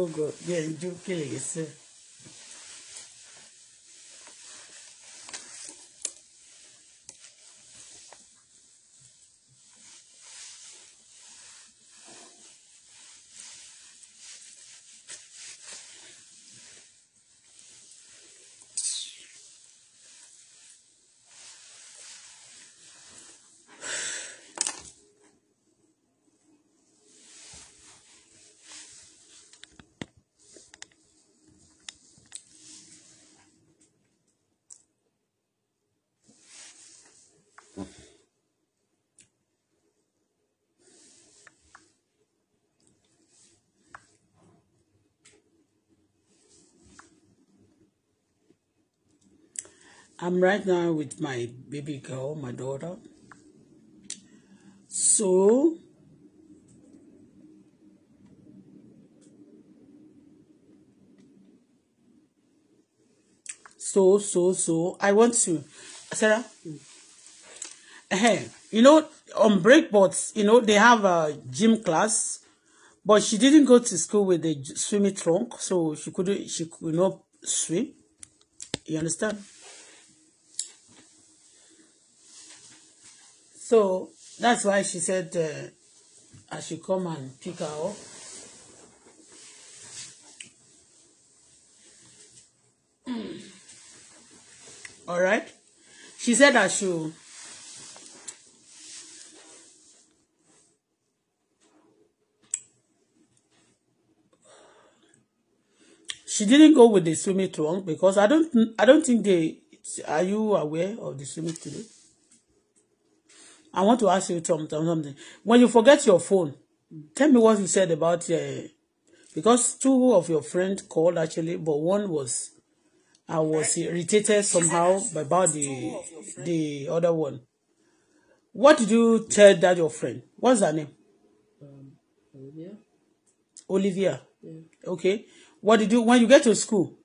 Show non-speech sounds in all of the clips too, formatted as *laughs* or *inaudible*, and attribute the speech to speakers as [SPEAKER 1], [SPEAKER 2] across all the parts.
[SPEAKER 1] Ogo, genju kelesi. I'm right now with my baby girl, my daughter.
[SPEAKER 2] So, so,
[SPEAKER 1] so, so, I want to, Sarah, Hey, you know, on break, but, you know, they have a gym class, but she didn't go to school with a swimming trunk, so she couldn't, she could not swim. You understand? So that's why she said uh, I should come and pick her up. *clears throat* All right. She said I should. She didn't go with the swimming trunk because I don't I don't think they are you aware of the swimming trunk? I want to ask you something. something. When you forget your phone, tell me what you said about uh, because two of your friends called actually, but one was I was irritated somehow about the the other one. What did you tell that your friend? What's her name?
[SPEAKER 2] Um, Olivia.
[SPEAKER 1] Olivia. Yeah. Okay. What did you when you get to school?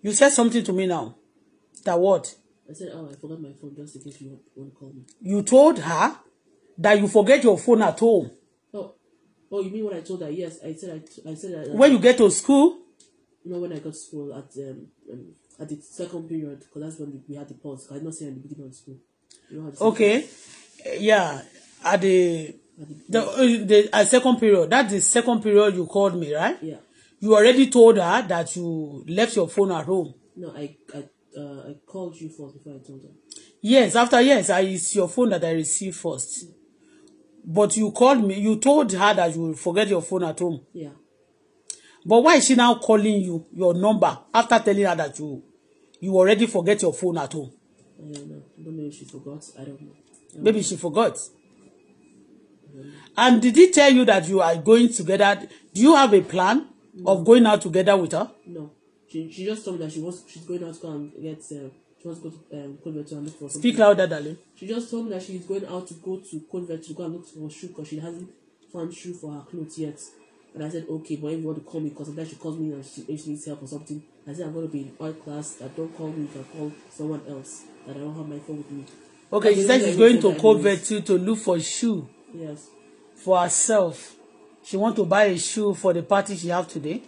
[SPEAKER 1] You said something to me now. That what?
[SPEAKER 2] I said, oh, I forgot my phone just in case you want to call me.
[SPEAKER 1] You told her that you forget your phone at home.
[SPEAKER 2] Oh, oh, you mean what I told her? Yes, I said I, I said that. Uh, when you get to school? no, when I got to school at um, um at the second period, because that's when we had the pause. I did not say at the beginning of school. You know, okay,
[SPEAKER 1] period. Eh, yeah, at the. the, the, the uh, second period that's the second period you called me right yeah you already told her that you left your phone at home
[SPEAKER 2] no I, I uh, I called you first before I told her.
[SPEAKER 1] Yes, after yes, I it's your phone that I received first. But you called me, you told her that you will forget your phone at home. Yeah. But why is she now calling you your number after telling her that you you already forget your phone at home?
[SPEAKER 2] I don't know. Maybe she forgot. I don't know. I don't Maybe know. she
[SPEAKER 1] forgot. And did he tell you that you are going together? Do you have a plan
[SPEAKER 2] no. of going out together with her? No she she just told me that she wants she's going out to go and get um, she wants to go to um, Cold Virtue and look for something. Speak louder, darling. She just told me that she's going out to go to Cold Virtue to go and look for a shoe because she hasn't found shoe for her clothes yet. And I said, okay, but if you want to call me, because sometimes she calls me and she, she needs help or something. I said, I'm going to be in art class. That don't call me, you can call someone else. That I don't have my phone with me. Okay, she said she's going to Cold
[SPEAKER 1] Virtue to look for shoe. Yes. For herself. She want to buy a shoe for the party she have today.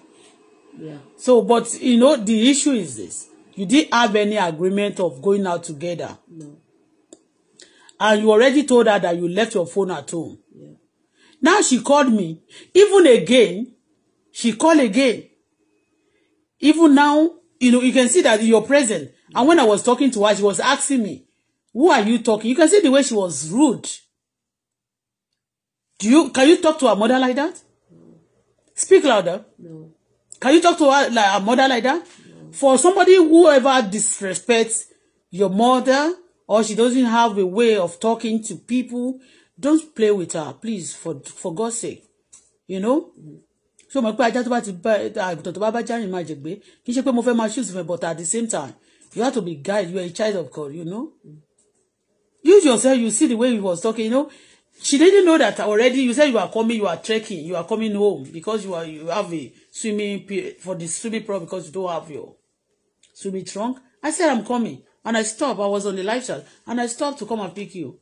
[SPEAKER 1] Yeah. So, but you know, the issue is this: you didn't have any agreement of going out together. No. And you already told her that you left your phone at home. Yeah. Now she called me. Even again, she called again. Even now, you know, you can see that you're present. And when I was talking to her, she was asking me, who are you talking? You can see the way she was rude. Do you can you talk to her mother like that? No. Speak louder. No. Can you talk to her like a mother like that? For somebody whoever disrespects your mother or she doesn't have a way of talking to people, don't play with her, please, for for God's sake. You know? So my pé ajá tó bá ti bá àgùntàn tó bá bá járìn máa jẹ̀gbé kì í ṣe pé mo fẹ́ máa choose fẹ́ but at the same time you have to be guide you are a child of God you know. Mm. You yourself you see the way he was talking you know she didn't know that already you said you are coming you are trekking you are coming home because you are you have a swimming for the swimming pool because you don't have your swimming trunk. I said, I'm coming. And I stopped. I was on the live chat. And I stopped to come and pick you.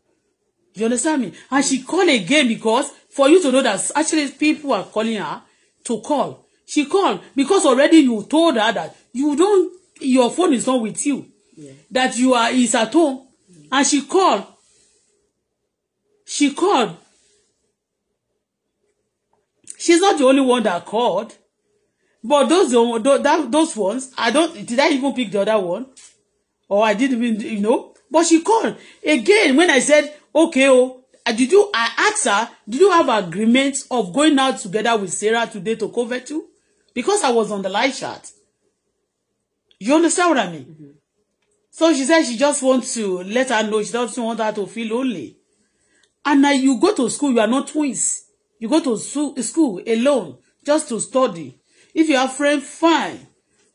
[SPEAKER 1] You understand me? And she called again because for you to know that actually people are calling her to call. She called because already you told her that you don't, your phone is not with you. Yeah. That you are is at home. mm And she called. She called. She's not the only one that called. But those those ones, I don't. Did I even pick the other one? Or I didn't even, you know. But she called again when I said, "Okay, oh, uh, did you?" I asked her, "Did you have agreement of going out together with Sarah today to cover too?" Because I was on the live chat. You understand what I mean? Mm-hmm. So she said she just wants to let her know she doesn't want her to feel lonely. And now you go to school, you are not twins. You go to school alone just to study if you have friend fine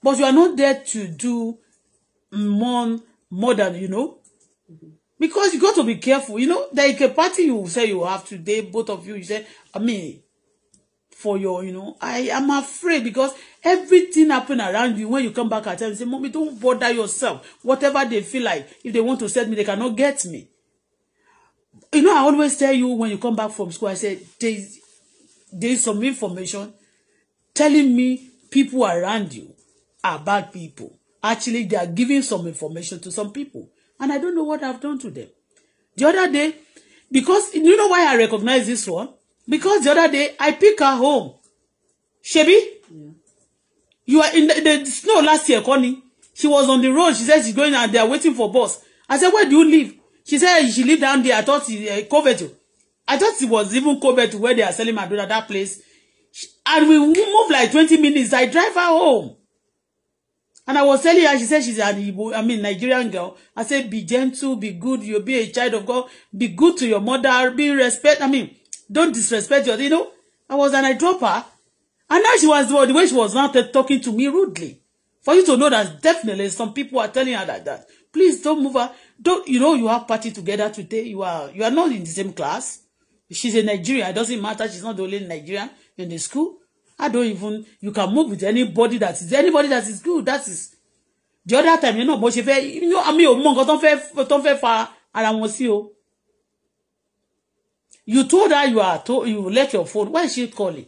[SPEAKER 1] but you are not there to do more more than you know because you got to be careful you know there is a party you say you have today both of you you say I mean for your you know I am afraid because everything happen around you when you come back at time you say mommy don't bother yourself whatever they feel like if they want to set me they cannot get me you know I always tell you when you come back from school I say there is there is some information telling me people around you are bad people. Actually, they are giving some information to some people. And I don't know what I've done to them. The other day, because you know why I recognize this one? Because the other day I pick her home. Shebi? Yeah. You are in the, the snow last year, Connie. She was on the road. She said she's going and they are waiting for bus. I said, where do you live? She said she lived down there. I thought it uh, COVID. I thought it was even COVID where they are selling my Madonna, that place and we move like twenty minutes. I drive her home. And I was telling her, she said she's an Igbo, I mean Nigerian girl. I said, be gentle, be good, you'll be a child of God, be good to your mother, be respect. I mean, don't disrespect your, you know. I was and I dropped her. And now she was well, the way she was now talking to me rudely. For you to know that definitely some people are telling her like that. Please don't move her. Don't you know you have party together today? You are you are not in the same class. She's a Nigerian. It doesn't matter. She's not the only Nigerian in the school. I don't even you can move with anybody that is anybody that is good that is the other time you know mo ṣe fẹ́ you know mi ò mọ nǹkan tó ń fẹ́ tó ń fẹ́ fa ara wọn sí you told her you are told you left your phone why is she calling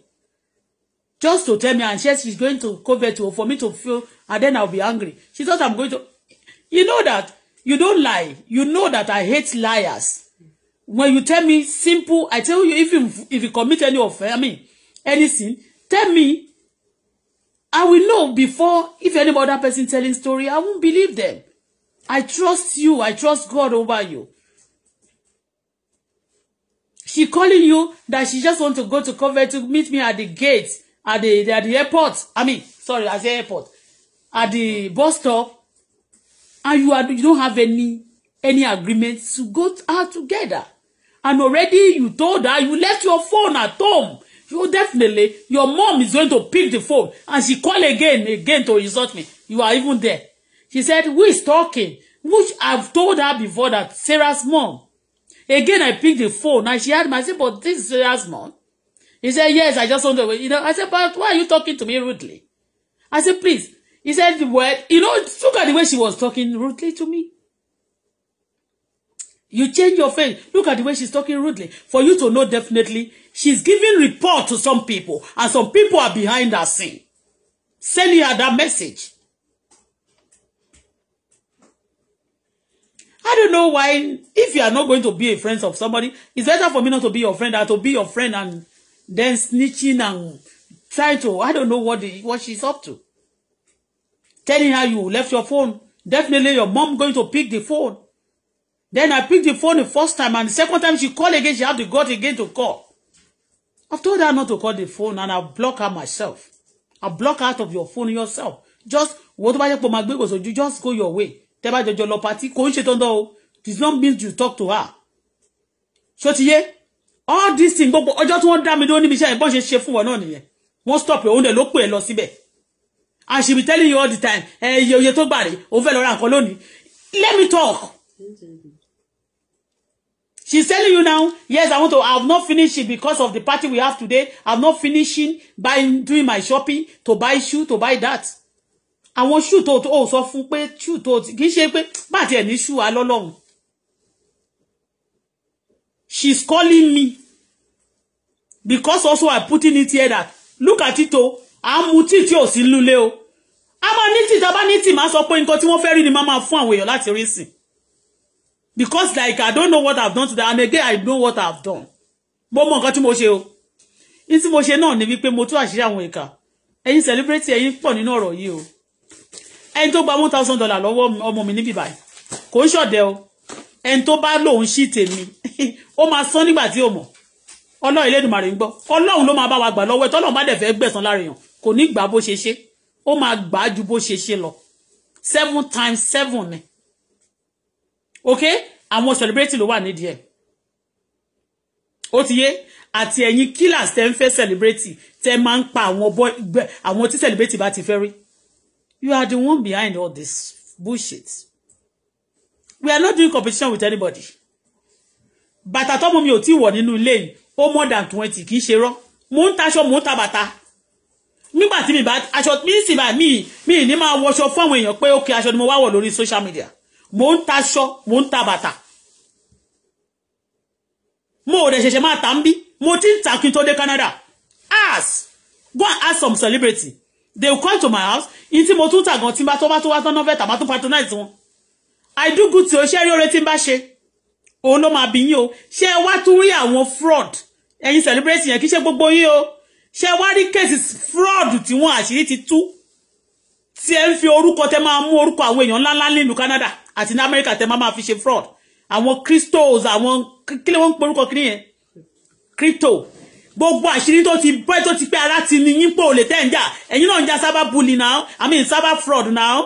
[SPEAKER 1] just to tell me and she she's going to cover to for me to feel and then I'll be angry she thought I'm going to you know that you don't lie you know that I hate liars when you tell me simple I tell you if you if you commit any offense I mean anything Tell me. I will know before if any other person telling story, I won't believe them. I trust you. I trust God over you. She calling you that she just want to go to convent to meet me at the gate, at the, at the airport. I mean, sorry, at the airport. At the bus stop. And you are you don't have any any agreement to go out together. And already you told her you left your phone at home you definitely your mom is going to pick the phone and she call again again to insult me you are even there she said who is talking which I've told her before that Sarah's mom again I picked the phone and she had my say, but this is Sarah's mom he said yes I just wonder." you know I said but why are you talking to me rudely I said please he said the word you know look at the way she was talking rudely to me You change your face. Look at the way she's talking rudely. For you to know definitely, she's giving report to some people, and some people are behind her scene. Sending her that message. I don't know why, if you are not going to be a friend of somebody, it's better for me not to be your friend than to be your friend and then snitching and trying to, I don't know what the, what she's up to. Telling her you left your phone. Definitely your mom going to pick the phone. Then I picked the phone the first time, and the second time she called again, she had the gut again to call. I've told her not to call the phone, and I block her myself. I block her out of your phone yourself. Just, what about your magbego? So you just go your way. Tẹ́bá jọjọ lọ party, kò ń ṣe tó This not mean you talk to her. Ṣó ti All these things, but I just want dá mi dúró níbi iṣẹ́ ìbọn ṣe ṣe fún wọn náà nìyẹn. Wọ́n stop ẹ̀ òun dẹ̀ ló pè é lọ síbẹ̀. And she be telling you all the time, ẹ iye oye tó gbà over òun fẹ́ lọ Let me talk. She's telling you now, yes, I want to, I have not finished it because of the party we have today. I'm not finishing buying, doing my shopping to buy shoe, to buy that. Àwọn shoe tó tó sọ fún pé shoe tó kì í ṣe pé bá tiẹ̀ ní shoe alọ́lọ́run. She's calling me because also I'm putting it here that look at it o, à ń mu tíì tí ò sí lulẹ̀ o. A máa ní tíì tá a bá ní tíì máa sọ pé nǹkan tí wọ́n fẹ́ rí ni máa máa fún àwọn èèyàn láti rí sìn because like I don't know what I've done to them and again I know what I've done mo mọ nǹkan tí mo ṣe o ní tí mo ṣe náà ni wípé mo tú àṣírí àwọn ìka ẹ̀yin celebrity ẹ̀yin pọ̀ nínú ọ̀rọ̀ yìí o ẹni tó gba one thousand dollar lọ́wọ́ ọmọ mi níbí báyìí kò ń ṣọ̀dẹ̀ o ẹni tó bá lòun ṣì tèmi *laughs* ó máa san nígbà tí ò mọ̀ ọlọ́run Elédùmarè ń gbọ́ ọlọ́run ló máa bá wa gbà lọ́wọ́ ẹ̀ tọ́lọ́run bá dẹ̀ fẹ́ gbẹ̀san lára èèyàn kò ní gbà bó ṣe ṣe ó máa gbà ju bó ṣe ṣe lọ seven times seven ni okay àwọn celebrity ló wà nídìí ẹ̀ ó ti yé àti ẹ̀yin killers tẹ́ ń fẹ́ celebrity tẹ́ máa ń pa àwọn boy àwọn tí celebrity bá ti fẹ́ rí you are the one behind all this bullshit we are not doing competition with anybody bàtà tọ́mọ mi ò tí wọ̀ nínú ilé yìí ó more than twenty kì í ṣe rọ́ mò ń taṣọ mò ń ta bàtà nígbà tí mi bá aṣọ mi sì bá mi mi ní máa wọṣọ fún àwọn èèyàn pé ó kí aṣọ ni mo wá wọ̀ lórí social media mò ń taṣọ mò ń ta bàtà mo ò dẹ̀ máa tà ń bí mo ti ń tà kí n tó dé Canada ask go and ask some celebrity they will come to my house in tí mo tún tà gan tí n bá tó bá tó wá tán nọ́fẹ̀tà má tún patronize wọn I do good tí o ṣe rí oore tí n bá ṣe òun ló máa bí yín o ṣé ẹ wá tún rí àwọn fraud ẹ̀yin celebrity yẹn kì í ṣe gbogbo yín o ṣé wá rí cases fraud tí wọ́n àṣírí ti tú tí ẹ ń fi orúkọ tẹ máa mú orúkọ àwọn èèyàn ńláńlá nílùú Canada àti ní America tẹ máa máa fi ṣe fraud àwọn crystals àwọn kí ló ń pe orúkọ kiri crypto gbogbo àṣírí tó ti bẹ́ tó ti pẹ́ ara ti ní yín pé ò lè tẹ́ ń jà ẹ̀yin náà ń jà cyber bully now I mean cyber fraud now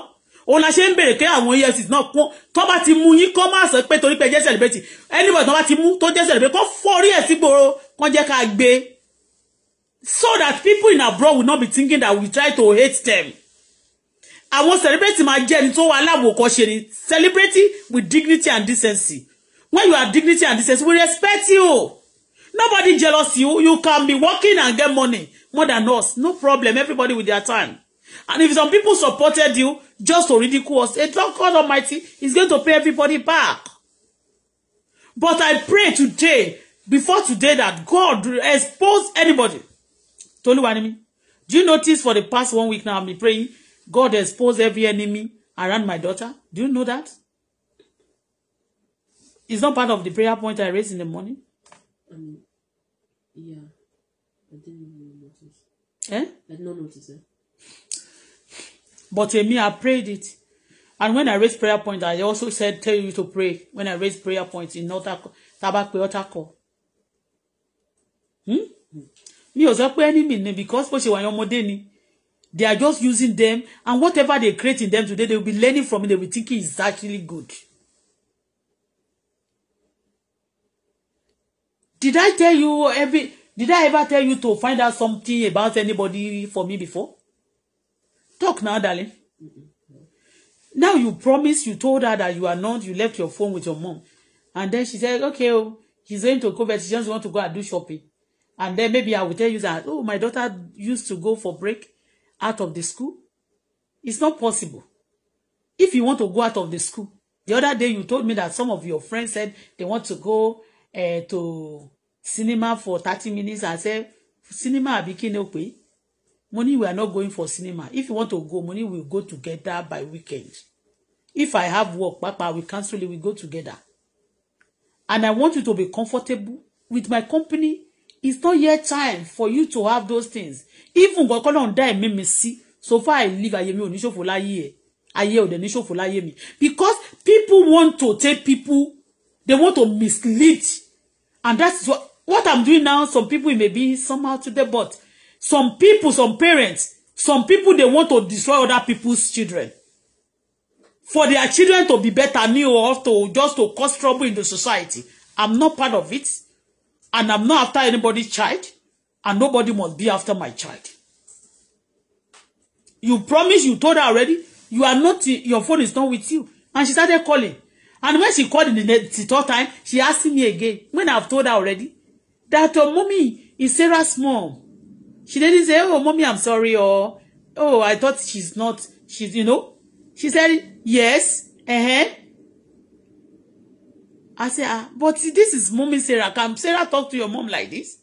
[SPEAKER 1] òun la ṣe ń bèrè pé àwọn efcc náà kún tó bá ti mú yín kọ́ máa sọ pé torí pé jẹ́ celebrity anybody tó bá ti mú tó jẹ́ celebrity kó fọ́rí ẹ̀ sí gbòòrò kán jẹ́ ká gbé so that people in abroad will not be thinking that we try to hate them àwọn celebrity máa jẹ́ ẹni tó wà aláwòkọ́ṣe ni celebrity with dignity and decency when you are dignity and decency we respect you nobody jealous you you can be working and get money more than us no problem everybody with their time and if some people supported you just to ridicule us a drug God Almighty is going to pay everybody back but I pray today before today that God expose anybody toluwa ni mi do you notice for the past one week now I've been praying God exposed every enemy around my daughter. Do you know that? It's not part of the prayer point I raised in the morning.
[SPEAKER 2] Um, yeah, I didn't even notice. Eh? I did not notice it.
[SPEAKER 1] But to me, I prayed it. And when I raised prayer point, I also said, tell you to pray. When I raised prayer point, in altar, tabac pé altar call. Hmm? Me hmm. ò sọ pé enemy ni because bó ṣe wà yan They are just using them, and whatever they create in them today, they will be learning from it. They will think it is actually good. Did I tell you every? Did I ever tell you to find out something about anybody for me before? Talk now, darling. Now you promise you told her that you are not, you left your phone with your mom. And then she said, okay, oh, he's going to go, but she just want to go and do shopping. And then maybe I will tell you that, oh, my daughter used to go for break out of the school? It's not possible. If you want to go out of the school, the other day you told me that some of your friends said they want to go uh, to cinema for 30 minutes. I said, cinema àbí kí ni Money, we are not going for cinema. If you want to go, money, we'll go together by weekend. If I have work, Papa, we cancel it, we go together. And I want you to be comfortable with my company. It's not yet time for you to have those things even gan kọ́lọ́run dá ẹ̀mí mi sí so far I live ayé mi ò ní ṣòfò láyé ẹ̀ ayé ò dẹ̀ ní ṣòfò láyé mi because people want to take people they want to mislead and that's what, what I'm doing now some people may be somehow today but some people some parents some people they want to destroy other people's children for their children to be better new or to just to cause trouble in the society I'm not part of it and I'm not after anybody's child and nobody must be after my child. You promise you told her already. You are not your phone is not with you. And she started calling. And when she called in the, third time, she asked me again when I've told her already that uh, mommy is Sarah's mom. She didn't say, "Oh, mommy, I'm sorry," or "Oh, I thought she's not." She's you know. She said, "Yes, uh-huh." I said, ah, but this is mommy Sarah. Can Sarah talk to your mom like this?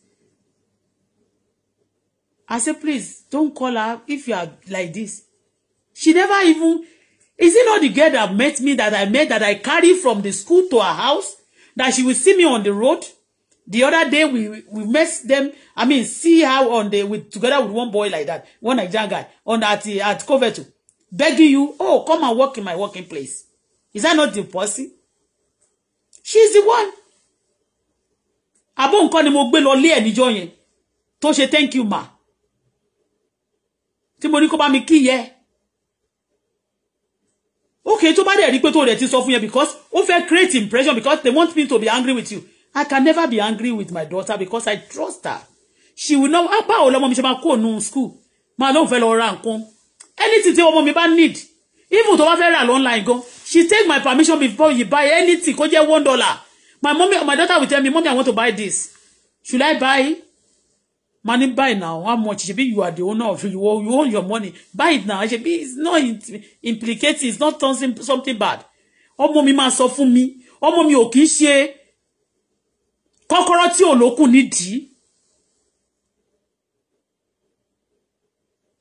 [SPEAKER 1] I said, please don't call her if you are like this. She never even, is it not the girl that met me, that I met, that I carry from the school to her house, that she will see me on the road? The other day we we met them. I mean, see how on the with together with one boy like that, one Nigerian guy on at at Coveto, begging you, oh come and work in my working place. Is that not the pussy? She's the one. Àbọ̀ nǹkan ni mo gbé lọ lé ẹ̀ níjọ́ yẹn tó thank you ma tí mo ní kó bá mi kí yẹ okay tó bá dẹ̀ rí pé tó rẹ̀ ti sọ fún yẹn because ó fẹ́ create impression because they want me to be angry with you I can never be angry with my daughter because I trust her she will know apá ah, ò lọmọ mi ṣe máa kó òun school máa lóun fẹ́ lọ ra nǹkan anything tí ọmọ mi bá need even tó bá fẹ́ rà online gan she take my permission before you buy anything kó jẹ́ one dollar my mommy my daughter will tell me mommy I want to buy this should I buy money buy now how much ṣebí you are the owner of you you own your money buy it now ṣebí it's not implicating it's not something bad ọmọ mommy ma sọ fún mi ọmọ mi ò kì í ṣe kọ́kọ́rọ́ tí ò lókùn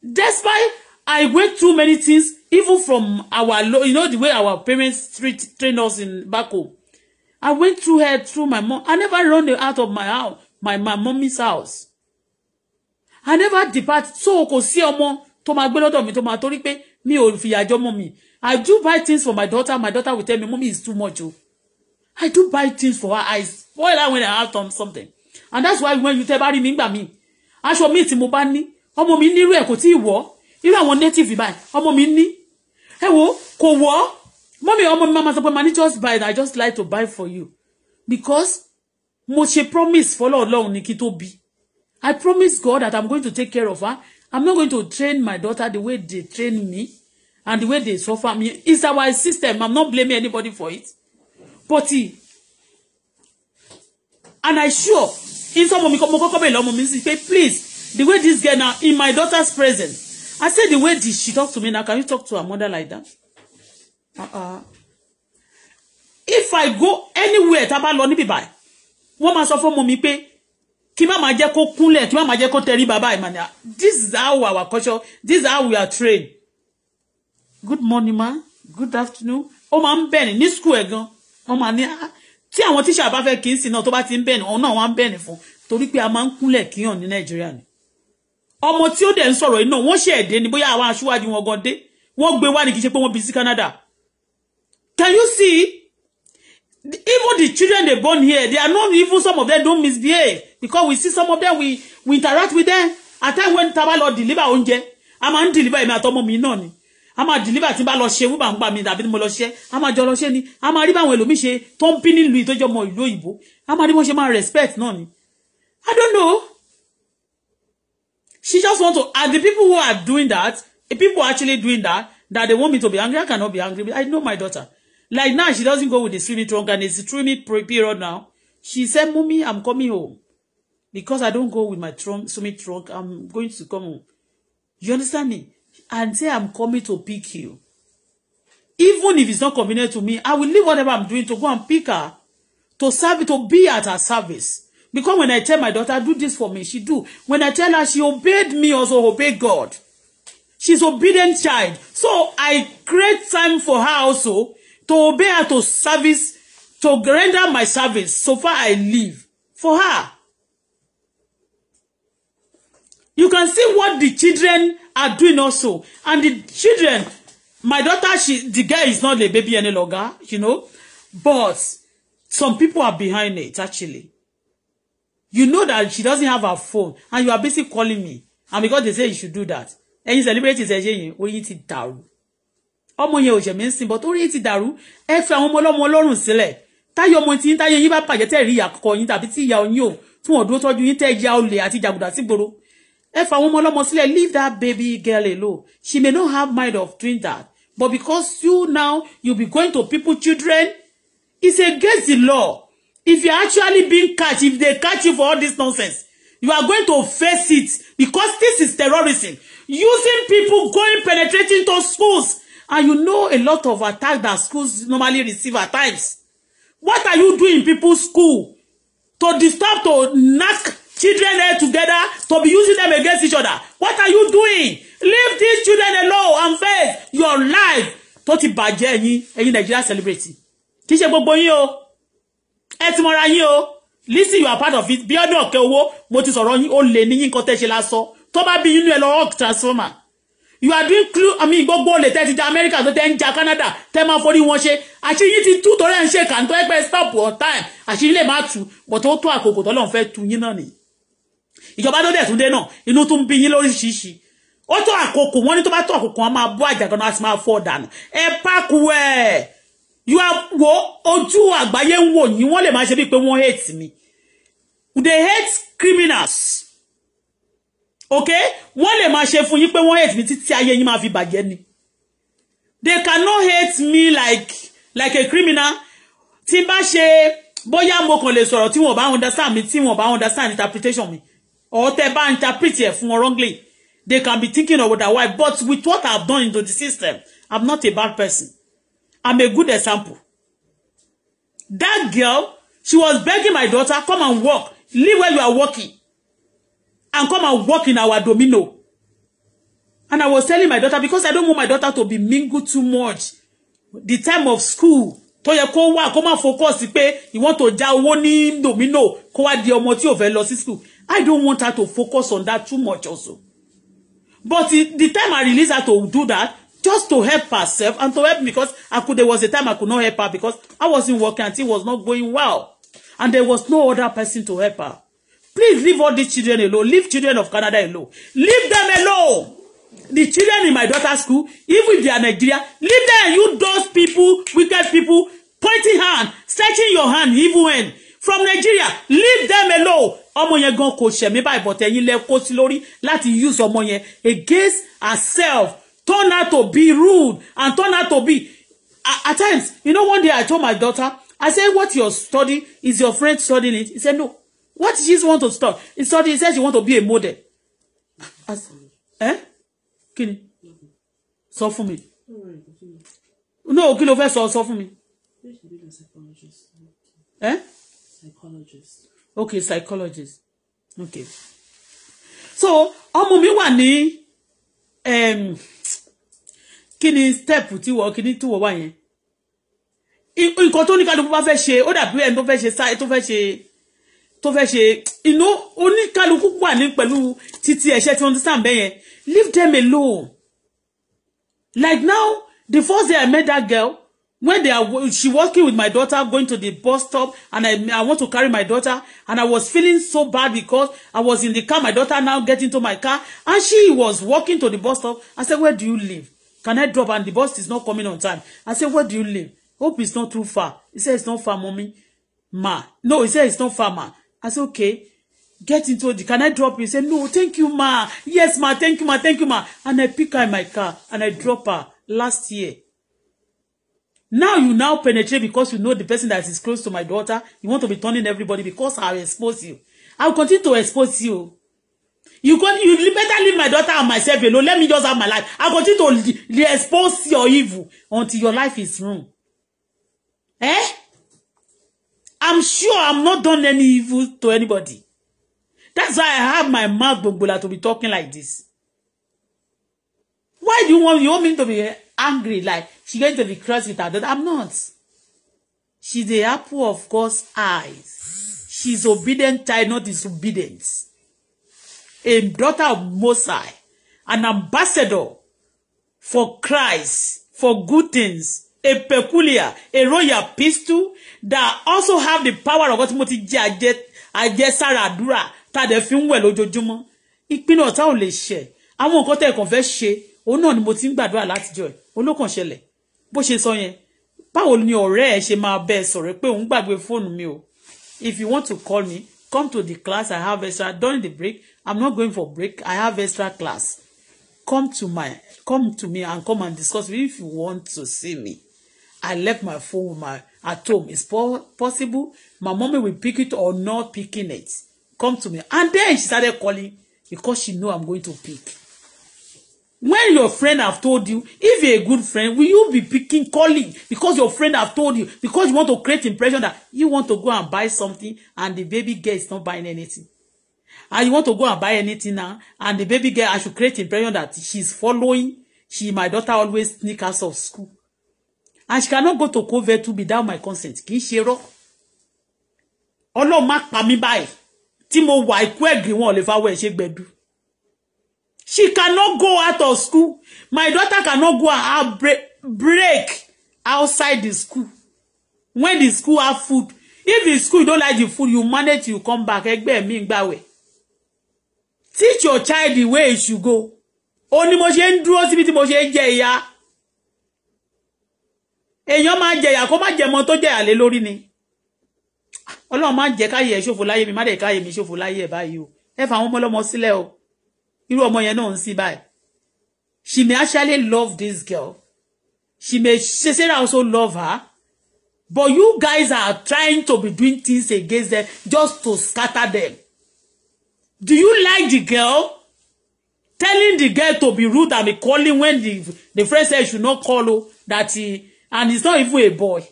[SPEAKER 1] despite I went through many things even from our you know the way our parents treat train us in back home I went through her through my mom I never run out of my house my my mommy's house i never depart so kò sí ọmọ tó máa gbé lọ́dọ̀ mi tó máa torí pé mi ò fìyà jọ mọ́ mi i do buy things for my daughter my daughter will tell me mommy is too much o i do buy things for her i spoil her when i have something and that's why when you tell bá rí mi gbà mí aṣọ mi tí mo bá ní ọmọ mi nírú ẹ̀ kò tí ì wọ̀ irú àwọn native báyìí ọmọ mi ní ẹ wo kò wọ̀ mọ́mí ọmọ mi Mama, sọ pé mani just buy i just like to buy for you because mo ṣe promise fọlọ́ ọlọ́run ní kí tó bí I promise God that I'm going to take care of her. I'm not going to train my daughter the way they train me and the way they suffer me. It's our system. I'm not blaming anybody for it. But he, and I sure, in some of me, please, the way this girl now, in my daughter's presence, I said the way this, she talked to me now, can you talk to her mother like that? Uh-uh. If I go anywhere, tá a bá lọ woman suffer. Mommy pay kí má máa jẹ́ kó kúnlẹ̀ kí má máa jẹ́ kó tẹrí bàbá ìmàlẹ́ this is how our culture this is how we are trained good morning ma good afternoon ó máa ń bẹ̀rẹ̀ ní school ẹ̀ gan wọ́n máa ní ah, tí àwọn tíṣà bá fẹ́ kí n sìn náà tó bá ti ń bẹ̀rẹ̀ ọ̀hún náà wọ́n á ń bẹ̀rẹ̀ fún torí pé a máa ń kúnlẹ̀ kíyàn ní nàìjíríà ni ọmọ tí ó dẹ̀ ń sọ̀rọ̀ iná wọ́n ṣe ẹ̀dẹ́ ni bóyá àwọn aṣíwájú wọn gan dé wọ́n gbé wá ní kí n ṣe pé wọ́n bí sí Canada can you see even the children they born here, they are not even some of them don't misbehave because we see some of them we we interact with them. At time when tá bá deliver oúnjẹ, I'm máa ń deliver èmi àtọmọ mi náà ni. A máa deliver tí n bá lọ ṣe wúbà ń gbà mí mo lọ ṣe, a máa jọ lọ ṣe ni, a máa rí báwọn ẹlòmíì ṣe tó pinin bí nílùú ìtọ́jú ọmọ ìlú òyìnbó, a máa rí wọn ṣe máa respect náà ni. I don't know. She just want to, and the people who are doing that, the people actually doing that, that they want me to be angry, I cannot be angry. I know my daughter. Like now, she doesn't go with the three trunk and it's the period now. She said, Mommy, I'm coming home. Because I don't go with my trunk, summit trunk, I'm going to come home. You understand me? And say, I'm coming to pick you. Even if it's not convenient to me, I will leave whatever I'm doing to go and pick her, to serve, to be at her service. Because when I tell my daughter, do this for me, she do. When I tell her, she obeyed me, also obeyed God. She's obedient child. So I create time for her also to obey her to service to render my service so far I live for her. You can see what the children are doing also and the children my daughter she the girl is not a baby any longer you know but some people are behind it actually you know that she doesn't have her phone and you are basically calling me and because they say you should do that and you celebrate ṣe ṣe yín oyin ti down ọmọ yẹn ò ṣẹ̀mí ń sìn bọ́ torí ti dàrú ẹ fi àwọn ọmọ ọlọ́mọ ọlọ́run sílẹ̀ táyọ̀ ọmọ tí ń táyọ̀ yín bá pàjẹ́ tẹ̀ rí ìyá kọ̀ọ̀kan yín tàbí tí ìyá oyin ò tí wọ́n tọ́jú yín tẹ́ ya olè àti jàgùdà sígboro ẹ fa àwọn ọmọ ọlọ́mọ sílẹ̀ leave that baby girl alone she may not have mind of doing that but because you now you be going to people children it's against the law if you actually been catch if they catch you for all this nonsense you are going to face it because this is terrorism using people going penetrating to schools And you know a lot of attacks that schools normally receive at times. What are you doing in people's school? To disturb, to knock children there together, to be using them against each other. What are you doing? Leave these children alone and face your life. Tó ti bàjẹ́ ẹ̀yin, ẹ̀yin Nigeria celebrity. Kì í ṣe gbogbo yín o. Ẹ ti mọra yín o. Listen, you are part of it. Bí ọdún ọ̀kẹ́ owó, mo ti sọ̀rọ̀ yín, ó lè ní yín kan tẹ́ ṣe lásọ. Tó bá bí inú ẹ lọ, transformer you are being clue i mean gbogbo olè tẹ́ ti ja america tó tẹ́ ń ja canada tẹ́ máa forí wọn ṣe àṣírí yín ti tú torí ẹ̀ ń ṣe kàńtọ́ ẹgbẹ́ stop on time àṣírí lè má tú but ó tó àkókò tọ́lọ́run fẹ́ tú yín náà nìyí ìjọba tó dẹ̀ tún dé náà inú tún bí yín lóríṣiríṣi ó tó àkókò wọn ní tó bá tó àkókò wọn máa bọ́ àjàgànnà a sì máa fọ́ dànù ẹ pákó ẹ̀ yóò wo ojú àgbáyé ń wò yín wọ́n lè máa ṣe bíi pé wọ́n hate mi they hate criminals okay wọ́n lè máa ṣe fún yín pé wọ́n hate mi títí ayé yín máa fi bàjẹ́ ni they cannot hate me like like a criminal tí n bá ṣe bóyá mo kàn lè sọ̀rọ̀ tí wọ́n bá understand mi tí wọ́n bá understand interpretation mi or tẹ́ bá interpret ẹ̀ fún wọn wrongly they can be thinking of that why but with what I've done into the system I'm not a bad person I'm a good example that girl she was begging my daughter come and work leave where you are working and come and work in our domino. And I was telling my daughter, because I don't want my daughter to be mingled too much. The time of school, tó yẹ kó wà kó má focus pé you want to já owó ní domino kó wá di ọmọ tí school. I don't want her to focus on that too much also. But the time I release her to do that, just to help herself and to help because I could, there was a time I could not help her because I wasn't working and things was not going well. And there was no other person to help her. Please leave all these children alone. Leave children of Canada alone. Leave them alone. The children in my daughter's school, even if they are Nigeria, leave them. You those people, wicked people, pointing hand, stretching your hand, even when from Nigeria, leave them alone. Omo yẹn gan kò ṣẹ̀mí báyìí bọ̀tẹ̀ yín lẹ kó sí lórí láti use ọmọ yẹn against herself turn out to be rude and turn out to be at, at times you know one day I told my daughter I said what your study is your friend studying it he said no What did she want to start? In study, he says you want to be a model. As, eh? Kí ni? Sọ fún mi. No, kí ló fẹ́ sọ sọ fún mi. Eh? Psychologist. Okay, psychologist. Okay. So, ọmọ mi wà ní um kí step tí wọ́n kí ni tí wọ́n wà yẹn. Nǹkan tó ní kálukú bá fẹ́ ṣe, ó dàbí ẹni tó fẹ́ ṣe sáyé tó fẹ́ ṣe tó fẹ́ ṣe you know oníkálukú wà ní pẹ̀lú títí ẹ̀ṣẹ́ tí wọ́n ti sàn bẹ́yẹn leave them alone like now the first day I met that girl when they are she walking with my daughter going to the bus stop and I, I want to carry my daughter and I was feeling so bad because I was in the car my daughter now get into my car and she was walking to the bus stop I said where do you live can I drop and the bus is not coming on time I said where do you live hope it's not too far he said it's not far mommy ma no he said it's not far ma I said, okay, get into it. Can I drop you? He said, no, thank you, ma. Yes, ma, thank you, ma, thank you, ma. And I pick her in my car and I drop her last year. Now you now penetrate because you know the person that is close to my daughter. You want to be turning everybody because I'll expose you. I'll continue to expose you. You can you better leave my daughter and myself alone. Let me just have my life. I'll continue to expose your evil until your life is ruined. Eh? I'm sure I'm not done any evil to anybody. That's why I have my mouth gbogbola to be talking like this. Why do you want you want me to be angry like she going to be cross with her that I'm not. She's the apple of God's eyes. She's obedient child, not disobedient. A daughter of Mosai, an ambassador for Christ, for good things, a peculiar, a royal pistol that also have the power of what mo ti jẹ àjẹ àjẹsára àdúrà tá a dẹ̀ fi ń wẹ̀ lójoojúmọ́. Ìpinnu ọ̀tá ò lè ṣẹ. Àwọn nǹkan tẹ̀ kàn fẹ́ ṣe, òun náà ni mo ti ń gbàdúrà látijọ́ ẹ̀. Olókàn ṣẹlẹ̀. Bó ṣe sọ yẹn, báwo ni ọ̀rẹ́ ẹ̀ ṣe máa bẹ́ẹ̀ sọ̀rọ̀ pé òun gbàgbé fóònù mi o? If you want to call me, come to the class I have extra during the break. I'm not going for break. I have extra class. Come to my come to me and come and discuss me if you want to see me. I left my phone with my at home. It's po possible my mommy will pick it or not picking it. Come to me. And then she started calling because she know I'm going to pick. When your friend have told you, if you're a good friend, will you be picking, calling because your friend have told you, because you want to create impression that you want to go and buy something and the baby girl is not buying anything. And you want to go and buy anything now, and the baby girl, I should create impression that she's following. She, my daughter always sneak out of school and she cannot go to COVID be without my consent kì í ṣe rọ ọlọ́run má pa mí báyìí tí mo wà ikú ẹ̀gìn wọn lè fáwọ́ ẹ̀ ṣe gbẹ̀dú she cannot go out of school my daughter cannot go out break, outside the school when the school have food if the school don't like the food you manage you come back ẹgbẹ́ mi ń gbàwẹ̀ teach your child the way it should go ó ní mo ṣe ń dúró síbi tí mo ṣe ń jẹ ìyá èèyàn máa jẹyà kó má jẹmọ tó jẹyà lé lórí ni ọlọ́run máa ń jẹ́ káyé ṣòfò láyé mi má dẹ̀ káyé mi ṣòfò láyé ẹ̀ báyìí o ẹ fà àwọn ọmọ ọlọ́mọ sílẹ̀ o irú ọmọ yẹn náà ń sí báyìí she may actually love this girl she may she Sarah also love her but you guys are trying to be doing things against them just to scatter them do you like the girl telling the girl to be rude and be calling when the the friend said she should not call o that he and he's not even a boy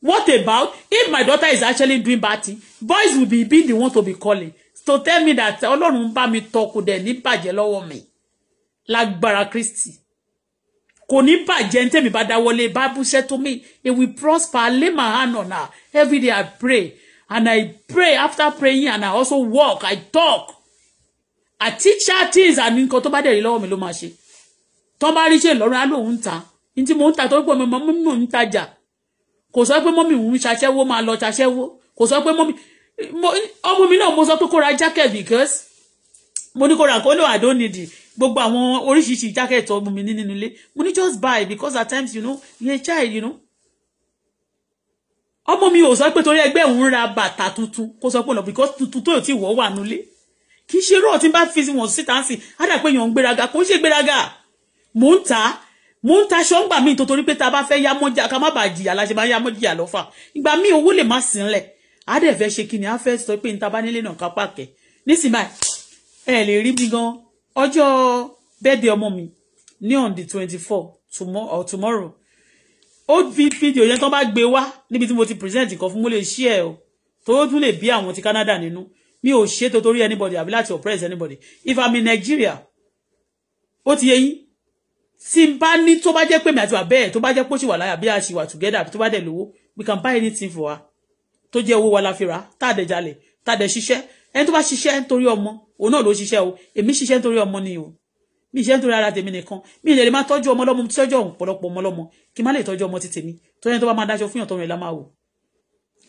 [SPEAKER 1] what about if my daughter is actually doing bad thing boys will be be the one to be calling so tell me that Ọlọ́run bá mi tọkù dẹ̀ ní bàjẹ́ lọ́wọ́ mi lágbára Kristi kò ní bàjẹ́ ní tèmi bá dáwọ́lé bible said to me it will prosper lay my hand on her every day I pray and I pray after praying and I also walk I talk I teach her things and nǹkan tó bá dẹ̀ rí lọ́wọ́ mi ló máa ṣe tó bá rí ṣe lọ́rùn á lóun ta ní tí mò ń ta tó pé mọ́ mi mò ń tajà kò sọ pé mọ́mì ń ṣaṣẹ́wó máa lọ ṣaṣẹ́wó kò sọ pé mọ́mì ọmọ mi náà mo sọ pé kó ra jacket because mo ní kó ra kó lò I don't need it gbogbo àwọn oríṣiríṣi jacket ọmọ mi ní nínú ilé mo ní just buy because at times you know you a child you know ọmọ mi ò sọ pé torí ẹgbẹ́ òun ra bàtà tuntun kó sọ pé lọ because tuntun tó yóò ti wọ́ wà nulẹ̀ kì í ṣe rọ́ọ̀ tí n bá fi wọ̀n síta sí i á dà pé èèyàn ń gbéraga kò ń ṣe gbéraga mò ń tà á mo ń taṣọ ńgbà míì nítorí pé tá a bá fẹ́ yá mọ́jà ká má bàa jìyà la ṣe máa yá mọ́jìyà lọ́fà ìgbà míì owó lè má sínlẹ̀ á dẹ̀ fẹ́ ṣe kí ni á fẹ́ sọ pé níta bá nílé náà ká pàkẹ́ nísìnyí báyìí ẹ lè rí mi gan ọjọ́ bẹ́ẹ̀dẹ̀ ọmọ mi ní on the twenty four tomorrow ó fi fídíò yẹn tó bá gbé wá níbi tí mo ti present nǹkan fún mo lè ṣí ẹ o tó tún lè bí àwọn ti Canada nínú mi ò ṣètò torí anybody àbí láti oppress anybody if I'm in Nigeria ó ti yẹ yín tí n bá ní tó bá jẹ́ pé mi àti bàbá ẹ̀ tó bá jẹ́ pé ó ṣì wà láyà bí a ṣì wà together àbí tó bá dẹ̀ lówó we can buy anything for wa. tó jẹ́ owó wa la fi rà tá a dẹ̀ jalè tá a dẹ̀ ṣiṣẹ́ ẹni tó bá ṣiṣẹ́ nítorí ọmọ òun náà ló ṣiṣẹ́ o èmi ṣiṣẹ́ nítorí ọmọ ni o mi ṣe ń torí ara tèmi nìkan mi ìlẹ̀ lè máa tọ́jú ọmọ lọ́mọ tọ́jú ọ̀pọ̀lọpọ̀ ọmọ lọ́mọ kí n má lè tọ́jú ọmọ ti tèmi tó yẹn tó bá máa dáṣọ fún ìyàtọ̀ la máa wò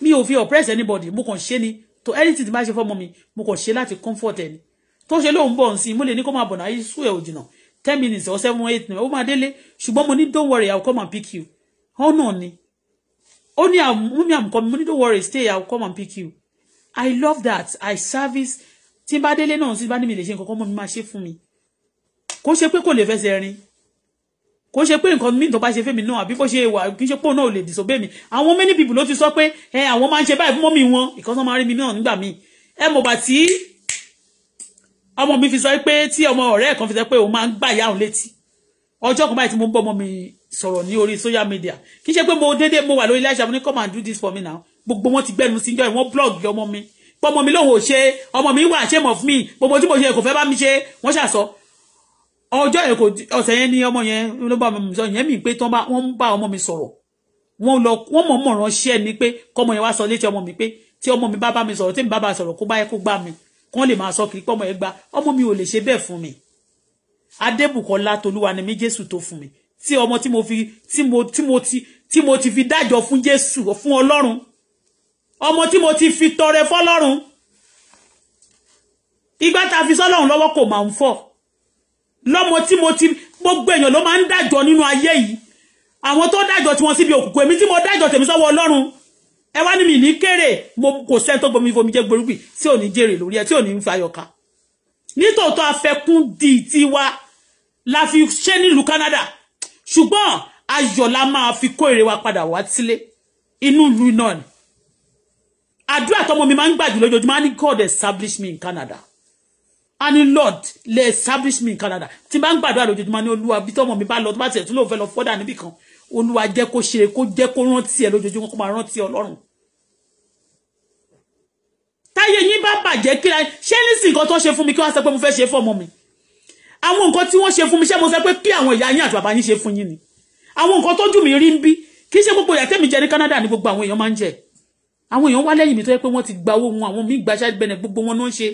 [SPEAKER 1] mi ò fi oppress anybody mo kàn ṣe ni to anything ti máa ṣe fọ́mọ mi mo kàn ṣe láti comfort ẹni tó ṣe lóun bọ̀ ń mo lè ní kó máa bọ̀ náà sú ẹ̀ òjìnà ten minutes or seven eight ó máa délé ṣùgbọ́n mo ní don't worry i will come and pick you ọ̀nà ni ó ní mú mi àmùkọ́ mi mo ní don't worry stay i will come and pick you i love that i service tí n bá délé náà sí bá ní mi lè ṣe nǹkan kan mọ́ mi máa ṣe fún mi kó ṣe pé kò lè fẹsẹ̀ rin kò ṣe pé nǹkan míì tó bá ṣe fẹ́mi náà àbí kò ṣe wà kì í ṣe pé náà ò lè disobey mi àwọn many people ló ti sọ pé ẹ àwọn máa ń ṣe báyìí fún mọ́mì wọn ìkọ́sọ́ máa rí mi náà nígbà míì ẹ mọ̀ bàtí ọmọ mi fi sọ pé tí ọmọ ọ̀rẹ́ kan fi sọ pé òun máa ń gbà yá òun létí ọjọ́ kan báyìí tí mo ń bọ́ ọmọ mi sọ̀rọ̀ ní orí social media kì í ṣe pé mo déédéé mo wà lórí iléeṣẹ́ mo ní come and do this for me now gbogbo wọn ti gbẹnu sí jọyìn wọn blog ọmọ mi pé ọmọ mi lòun ò ṣe ọmọ mi wà ṣe mọ̀ fún mi gbogbo tí mo ṣe kò fẹ́ bá mi ṣe wọ́n ṣàṣọ ọjọ́ yẹn kò ọ̀sẹ̀ yẹn ni ọmọ yẹn ló bá mi sọ yẹn mi pé tí wọ́n ń bá ọmọ mi sọ̀rọ̀ wọ́n lọ wọ́n mọ̀ mọ̀ ránṣẹ́ ni pé kọ́mọ yẹn wá sọ létí ọmọ mi pé tí ọmọ mi bá bá mi sọ̀rọ̀ tí mi bá bá sọ̀rọ̀ kó bá yẹ kó gbá mi kán lè máa sọ kiri pé ọmọ ẹ gba ọmọ mi ò lè ṣe bẹ́ẹ̀ fún mi adébùkọ́lá tolúwa ni mi jésù tó fún mi tí ọmọ tí mo fi tí mo tí mo ti tí mo ti fi dájọ́ fún jésù fún ọlọ́run ọmọ tí mo ti fi tọrẹ fọ́lọ́run ìgbà tá a fi sọ́lọ́run lọ́wọ́ kò máa ń fọ́ lọ́mọ tí mo ti gbogbo èèyàn ló máa ń dájọ́ nínú ayé yìí àwọn tó dájọ́ tí wọ́n síbi òkùnkùn èmi tí mo dájọ́ tèmi sọ́wọ́ ọlọ́run ẹ wá ní mi ní kéré mo kò sẹ́ni tó gbomi fomi jẹ́ gborúgbì tí ò ní jèrè lórí ẹ tí ò ní fi ayọ̀ ká nítòótọ́ afẹ́kún di tiwa la fi ṣe nílùú Canada ṣùgbọ́n ayọ̀ la máa fi kó èrè wa padà wá sílé inú ìlú náà ni àdúrà tọmọ mi máa ń gbàjú lójoojúmọ́ á God establish me in Canada á ní Lord lè establish me in Canada tí bá ń gbàdúrà lójoojúmọ́ ní Olúwa bí tọmọ mi bá lọ tó bá tiẹ̀ tún lóun fẹ́ lọ fọ́dà níbì Olúwa jẹ́ kó ṣe kó jẹ́ kó rántí ẹ lójoojúmọ́ kó máa rántí Ọlọ́run táyé yín bá bàjẹ́ kíra ṣé nísìnyí nǹkan tó ṣe fún mi kí wọ́n sọ pé mo fẹ́ ṣe fún ọmọ mi àwọn nǹkan tí wọ́n ṣe fún mi ṣé mo sọ pé kí àwọn ìyá yín àti bàbá yín ṣe fún yín ni àwọn nǹkan tó jù mí rí ń bí kì í ṣe gbogbo ìyà jẹ ní Canada ni gbogbo àwọn èèyàn máa ń jẹ àwọn èèyàn wá lẹ́yìn mi tó yẹ pé wọ́n ti gba owó wọn àwọn míì gba ṣáà bẹ̀rẹ̀ gbogbo wọn náà ṣe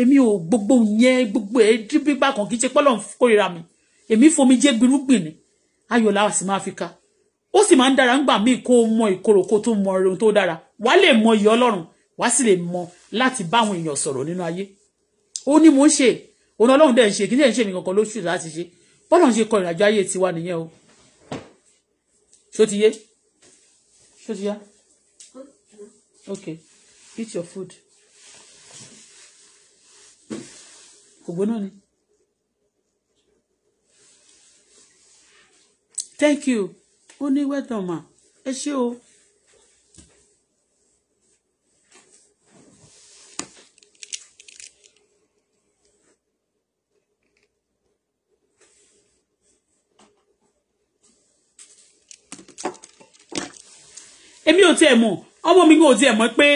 [SPEAKER 1] èmi ò gbogbo yẹn gbogbo ẹ̀ dípí bákan kì í ṣe pọ́lọ̀ kórìíra mi èmi fomi jẹ́ gbirúgbìn ni ayọ̀ làwọn sì máa fi ka ó sì máa ń dára ńgbà míì kó mọ ìkorò kó tó mọ ohun tó dára wàá lè mọ iyì Ọlọ́run wàá sì lè mọ láti bá àwọn èèyàn sọ̀rọ̀ nínú ayé ó ní mò ń ṣe òun ọlọ́run dẹ̀ ń ṣe kí ní ẹ̀ ń ṣe nìkan kan lóṣù láti ṣe bọ́lá ń ṣe kọ ìrìnàjò ayé tiwa nìyẹn o ṣó ti yé ṣó ti yá okay eat your food kò gbóná ni thank you ó ní wẹ́dọ̀mà ẹ ṣé o. tiẹ̀ e mọ̀ ọmọ mi gan ò tiẹ̀ e mọ̀ pé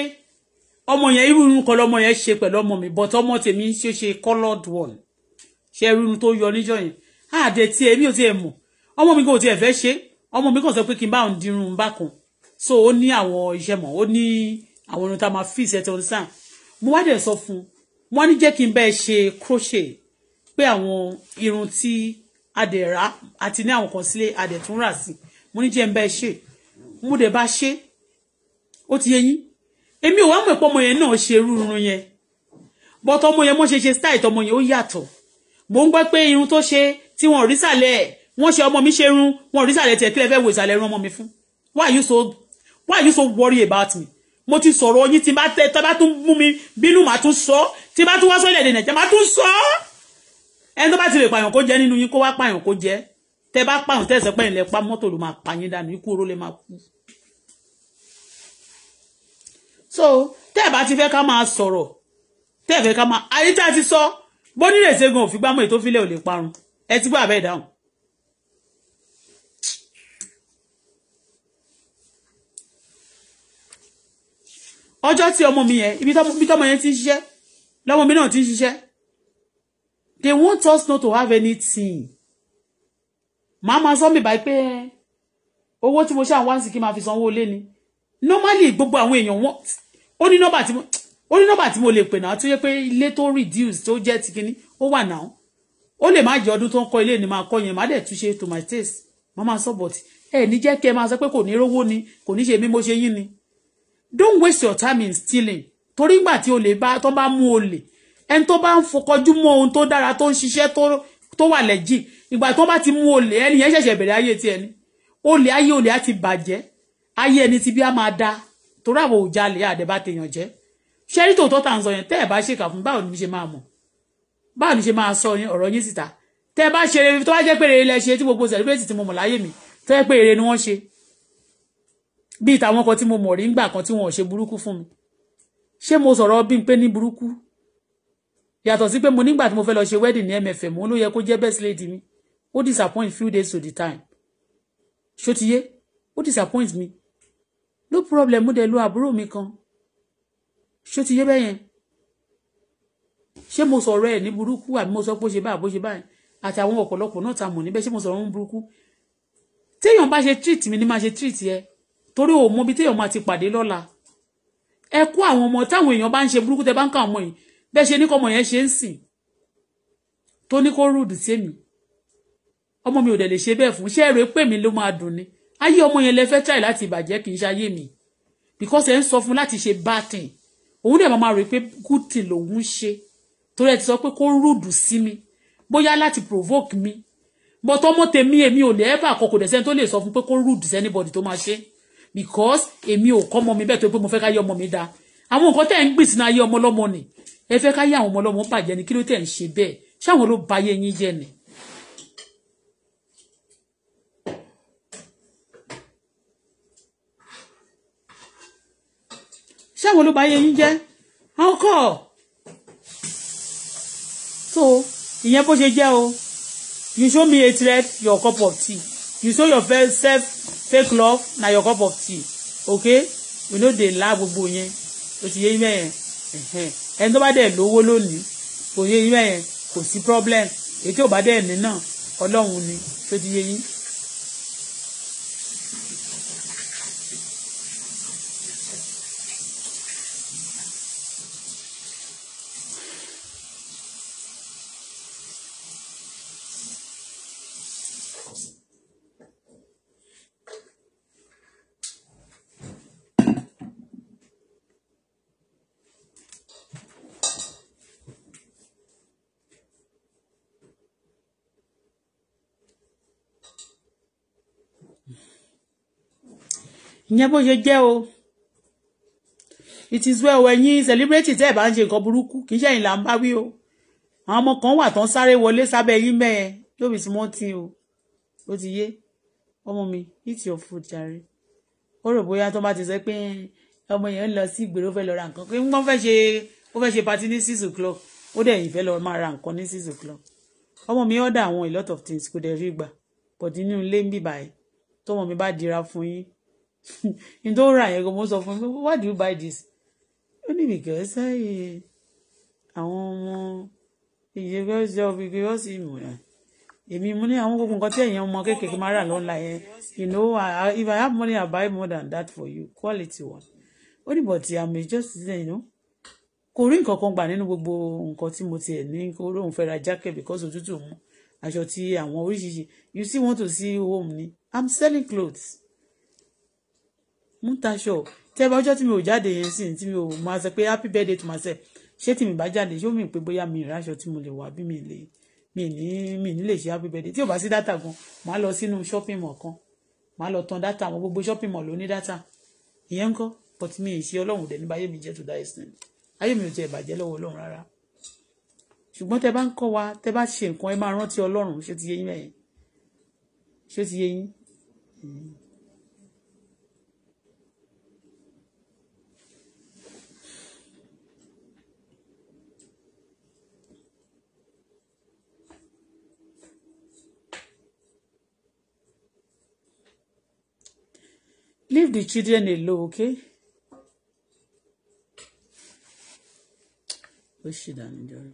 [SPEAKER 1] ọmọ yẹn irú irun kan lọmọ yẹn ṣe pẹ̀lú ọmọ mi but ọmọ tèmi ṣe ṣe coloured one ṣe irun tó yọ níjọ́ yẹn àdẹ tiẹ̀ e, mi ò tiẹ̀ mọ̀ ọmọ mi gan ò tiẹ̀ fẹ́ ṣe ọmọ mi kàn sọ pé kí n bá òun dirun bákan so ó ní àwọn iṣẹ́ mọ̀ ó ní àwọn irun tá a máa fi ìṣẹ́tẹ̀ ọdún sáà mo wá dẹ̀ sọ fún un wọ́n ní jẹ́ kí n bẹ́ẹ̀ ṣe crochet pé àwọn irun tí adẹ̀ rà àti ní àwọn kan sílé adẹ̀ tún rà sí mo ní jẹ́ n bẹ́ẹ̀ ṣe mo dẹ̀ bá ṣe ó ti yé Emi, èmi ò wá mọ̀ pé ọmọ yẹn náà ṣe rúrun yẹn bọ́tọ̀ ọmọ yẹn mo ṣe ṣe style tọmọ yẹn ó yàtọ̀ mò ń gbọ́ pé irun tó ṣe tí wọ́n rí sàlẹ̀ wọ́n ṣe ọmọ mi ṣe irun wọ́n rí ti tiẹ̀ kí lẹ fẹ́ wo ìsàlẹ̀ irun omo mi fun. why you so why you so worry about me mo ti sọ̀rọ̀ yín tí bá tẹ tọ́ba tún mú mi bínú màá tún sọ tí bá tún wá sọ́lẹ̀ èdè nàìjíríà màá tún sọ ẹni tó bá ti lè pààyàn kó jẹ nínú yín kó wá pààyàn kó jẹ tẹ bá pààyàn tẹ̀sẹ̀ pẹ́yìn lẹ pa mọ́tò ló máa pa yín dànù ikú oró lè máa kú so tẹ́ ẹ̀ bá ti fẹ́ ká máa sọ̀rọ̀ tẹ́ ẹ̀ fẹ́ ká máa àyíká ti sọ bó nílẹ̀ ṣẹ́gun òfin gbámọ̀ ètò ìfilẹ̀ ò lè parun ẹ ti gbọ́ àbẹ́ ìdáhùn. ọjọ́ tí ọmọ mi yẹn ibi tọ́mọ yẹn ti ń ṣiṣẹ́ lọ́mọ mi náà ti ń ṣiṣẹ́ they want us not to have anything màá máa sọ mi báyìí pé owó tí mo ṣe àwọn wáǹsì kí n máa fi sanwó lé ni normally gbogbo àwọn èèyàn wọn ó ní nọ́mbà tí mo ó ní nọ́mbà tí mo lè pè náà tó yẹ pé ilé tó reduce tó jẹ́ ti kíní ó wà náà ó lè má jẹ́ ọdún tó ń kọ́ ilé ni máa kọ́ yẹn má dẹ̀ túnṣe to my taste má máa sọ bọ̀tì ẹ ní jẹ́ kí ẹ máa sọ pé kò ní rówó ni kò ní ṣe bí mo ṣe yín ni don't waste your time in stealing torí ìgbà tí olè bá tó bá mú olè ẹni tó bá ń fọkọjú mọ́ ohun tó dára tó ń ṣiṣẹ́ tó wà lẹ́jì ìgbà tó bá ti mú olè ẹni yẹn ṣẹ̀ṣẹ̀ bẹ̀rẹ̀ ayé ti ẹni olè ayé olè á ti bàjẹ́ ayé ẹni ti bí á máa dáa torí àwọn òjàlè àdẹ̀bá tèèyàn jẹ́ ṣé rí tòótọ́ tà ń sọ yẹn tẹ́ ẹ̀ bá ṣèkà fún báwo ni mi ṣe máa mọ̀ báwo ni ṣe máa sọ ọ̀rọ̀ yín síta tẹ́ ẹ bá ṣe rere tó bá jẹ́ pé rere lẹ ṣe tí gbogbo celebrate tí mo mọ̀ láyé mi tó jẹ́ pé rere ni wọ́n ṣe bíi tàwọn kan tí mo mọ̀ rí ńgbà kan tí wọn ò ṣe burúkú fún mi ṣé mo sọ̀rọ̀ bí n pé ní burúkú yàtọ̀ sí pé mo nígbà tí mo fẹ́ lọ ṣe wedding ní MFM ó ló yẹ kó jẹ́ best lady mi ó disappoint few days to the time ṣó ti yé ó disappoint mi no problem mo dẹ̀ lo àbúrò mi kan ṣó ti yé bẹ́yẹn ṣé mo sọ̀rọ̀ ẹ̀ ní burúkú àbí mo sọ pé ó ṣe báyìí bó ṣe báyìí àtàwọn ọ̀pọ̀lọpọ̀ náà ta mọ̀ níbẹ̀ ṣé mo sọ̀rọ̀ ń burúkú téèyàn bá ṣe treat mi ni máa ṣe treat yẹ torí ò mọ bí téèyàn máa ti pàdé lọ́la ẹ kó àwọn ọmọ táwọn èèyàn bá ń ṣe burúkú tẹ bá ń kà ọmọ yìí bẹ́ẹ̀ ṣe ní kọ́ ọmọ yẹn ṣe ń sìn tó ní kó rúdù sí èmi ọmọ mi ò dẹ̀ lè ṣe bẹ́ẹ̀ fún ṣé ẹ̀rọ pè mí ló máa dùn ni ayé ọmọ yẹn lẹ fẹ́ try láti ìbàjẹ́ kì í ṣe mi because ẹ̀ ń sọ fún láti ṣe bad thing òun dẹ̀ máa rò pé good thing lòun ń ṣe torí ẹ ti sọ pé kó rúdù sí mi bóyá láti provoke mi but ọmọ tèmi èmi ò lè ẹ́bà àkọ́kọ́ dẹ̀ sẹ́ni tó lè sọ fún pé kó rúdù sí anybody tó máa ṣe because èmi ò kọ́ ọmọ mi bẹ́ẹ̀ tó pé mo fẹ́ ká yé ọmọ mi dáa àwọn nǹkan tẹ̀ ń gbìn sínú ayé ọmọ ọlọ́mọ ni ẹ fẹ́ ká yé àwọn ọmọ ọlọ́mọ bàjẹ́ ni kí ló tẹ̀ ń ṣe bẹ́ẹ̀ ṣáwọn ló ba ayé yín jẹ́ ni ṣé àwọn ló bá yẹ yín jẹ́ àwọn kọ́ so ìyẹn bó ṣe jẹ́ o you show me eight red your cup of tea you show your self fake love na your cup of tea okay we no dey la gbogbo yẹn o ti yé yín mẹ́yẹn ẹni tó bá dẹ̀ lówó lónìí kò yé yín mẹ́yẹn kò sí problem èyí tí ò bá dẹ̀ ní náà ọlọ́run ni tó ti yé yín ìyẹn bó ṣe jẹ́ o it is well ẹ̀yin celebrity tẹ́ ẹ̀ bá ń ṣe nǹkan burúkú kì í ṣe ẹ̀yin là ń bá wí o àwọn ọmọ kan wà tán sáré wọlé sábẹ́ yín mẹ́ẹ̀ lóbi tí wọ́n ti o ó ti yé ọmọ mi eat your food jàre ó rò bóyá tó bá ti sọ pé ọmọ yẹn ń lọ sí ìgbèrò fẹ́ lọ ra nǹkan pé wọ́n fẹ́ ṣe ó fẹ́ ṣe party ní six o'clock ó dẹ̀ ìfẹ́ lọ máa ra nǹkan ní six o'clock ọmọ mi order àwọn a lot of things kò dẹ̀ rí gbà but nínú ilé ń bì báyìí tọmọ mi bá dira fún yín n *laughs* tó rà yẹn kò mọ sọ fún mi why do you buy this ó ní because àwọn ọmọ ìyẹn fẹ́ ṣe ọbí kí wọ́n sì mú yàn èmi mo ní àwọn gbogbo nǹkan tí ẹ̀yin ọmọ kékeré máa rà lọ́la yẹn you know if I have money I buy more than that for you quality one ó ní but I'm just saying you know kò rí nǹkan kan gbà nínú gbogbo nǹkan tí mo tiẹ̀ ní kó lóun fẹ́ ra jacket because òtútù mú aṣọ ti àwọn oríṣiríṣi you still want to see home ni I'm selling clothes ń taṣọ tẹ bá ọjọ́ tí mi ò jáde yẹn sì tí mi ò máa sọ pé happy birthday to myself ṣé tí mi bá jáde ṣé ó mì pé bóyá mi ìráṣọ tí mo lè wà bí mi lè mi ní mi ní lè ṣe happy birthday tí ò bá sí data gan màá lọ sínú shopping mall kan màá lọ tan data àwọn gbogbo shopping mall ló ní data ìyẹn ń kọ́ but mi ì ṣe ọlọ́run dẹ̀ nípa ayé mi jẹ́ to that extent ayé mi ò tiẹ̀ bàjẹ́ lọ́wọ́ ọlọ́run rárá ṣùgbọ́n tẹ bá ń kọ́ wa tẹ bá ṣe nǹkan ẹ máa rántí ọlọ́run ṣé ti yé yín mẹ́yìn ṣé ti yé yín. Hmm. Leave the children alone, okay?
[SPEAKER 2] ó ṣì dànù enjoy?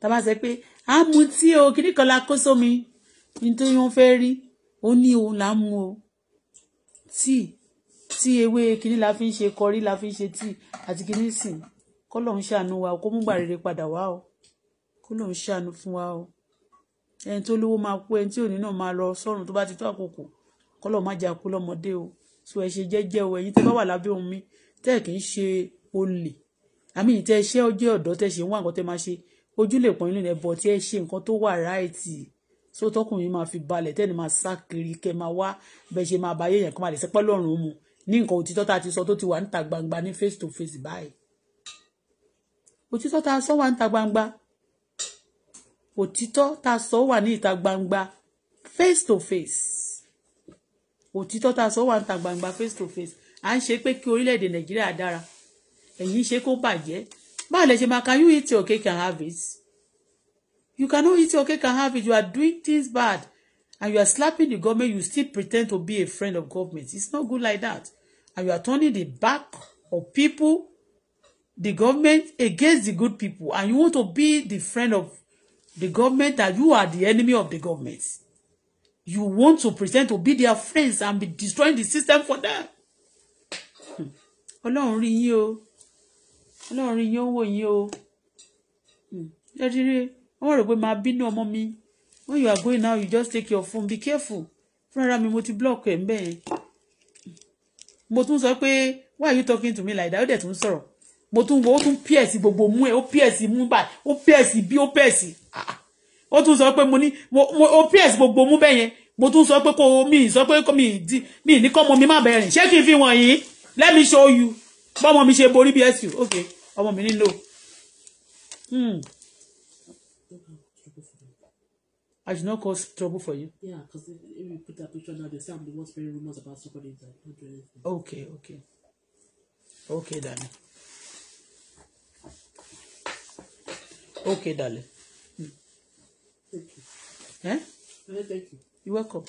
[SPEAKER 1] tàbá sẹ pé a mú tí o kíní kan la kó sómi nítorí wọn fẹ́ rí ó ní òun là ń mu o tíì tí ewé kíní la fi ń ṣe kọrí la fi ń ṣe tíì àti kíní sìn kọ́ ló ń ṣàánú wa o kó mú gbàrere padà wá o kó ló ń ṣàánú fún wa o ẹni tó lówó máa kú ẹni tí òní náà máa lọ sọ́run tó bá ti tó àkókò kọ́lọ̀ má jà kú lọ́mọdé o so ẹ ṣe jẹ́jẹ́ o ẹ̀yin tẹ́ bá wà lábẹ́ omi tẹ́ kì í ṣe olè àmì ìtẹ́ ṣe ọjọ́ ọ̀dọ́ tẹ́ ṣe ń wá nǹkan tẹ́ máa ṣe ojú lè pọ́n inú rẹ̀ bọ̀ tí ẹ ṣe nǹkan tó wà ráìtì so tọkùnrin máa fi balẹ̀ tẹ́ni máa sá kiri kẹ́ máa wá bẹ́ẹ̀ ṣe máa báyé èèyàn kan máa lè sẹ́pẹ́ lọ́rùn mu ní nǹkan òtítọ́ tá a ti sọ tó ti wà níta gbangba ní face to face báyìí òtítọ́ tá a sọ wà níta gbangba òtítọ́ tá a sọ wà ní ìta gbangba face to face òtítọ́ tá a sọ wà ní ìta gbangba face to face à ń ṣe pé kí orílẹ̀-èdè nàìjíríà dára ẹ̀yin ṣe kó bàjẹ́ báwo lẹ ṣe máa can you eat your cake and have it you cannot eat your cake and have it you are doing things bad and you are slapping the government you still pretend to be a friend of government it's not good like that and you are turning the back of people the government against the good people and you want to be the friend of the government that you are the enemy of the government. You want to pretend to be their friends and be destroying the system for them. Ọlọ́run rí yín o. Ọlọ́run rí yín ó wò yín o. Hmm. Ẹ ti rí wọ́n rò mi. When you are going now, you just take your phone. Be careful. Friend, mi mo ti block ẹ̀ ń hmm. Mo tún sọ pé why are you talking to me like that? Ó dẹ̀ tún sọ̀rọ̀ mo tún wo ó tún pẹ́ẹ̀sì gbogbo mú ẹ ó pẹ́ẹ̀sì mú báyìí ó pẹ́ẹ̀sì bí ó pẹ́ẹ̀sì ah, ó tún sọ pé mo ní ó pẹ́ẹ̀sì gbogbo mú bẹ́ẹ̀ yẹn mo tún sọ pé kò mi sọ pé kò mi di mi ní kọ́ ọmọ mi má bẹ̀rẹ̀ ṣé kí n fi wọ̀nyí let me show you bọ́mọ mi ṣe borí bí ẹ̀sìn ok ọmọ mi ní no.
[SPEAKER 2] Hmm. I should not cause trouble for you. Yeah, because if, if you put that picture now, they say I'm the one spreading rumors about somebody that don't do anything. Okay,
[SPEAKER 1] okay. Okay, Danny. Okay, darling. Thank you. Eh? No, thank you. You're welcome.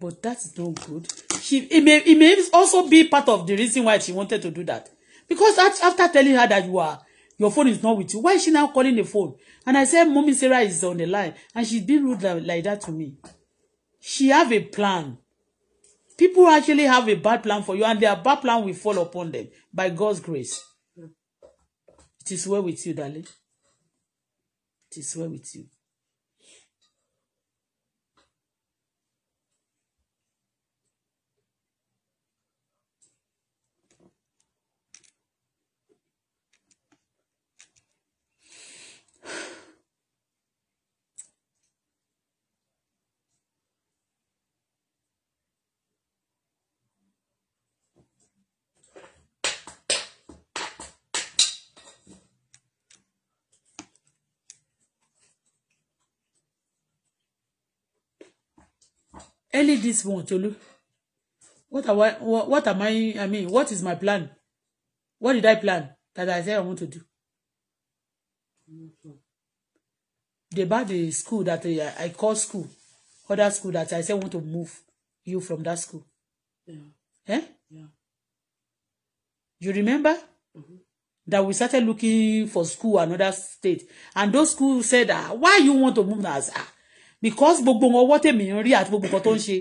[SPEAKER 1] But that's not good. She it may it may also be part of the reason why she wanted to do that. Because after telling her that you are your phone is not with you, why is she now calling the phone? And I said, Mommy Sarah is on the line, and she's been rude like, like that to me. She have a plan. People actually have a bad plan for you, and their bad plan will fall upon them by God's grace. Hmm. It is well with you, darling. It is well with you. early this one Tolu what am I what, what am I I mean what is my plan what did I plan that I say I want to do they buy the school that I, I call school other school that I say I want to move you from that school yeah. eh yeah. you remember mm-hmm. that we started looking for school another state and those school said ah why you want to move na as ah because gbogbo wọn ọwọ́ tèmi ń rí àti gbogbo nǹkan tó ń ṣe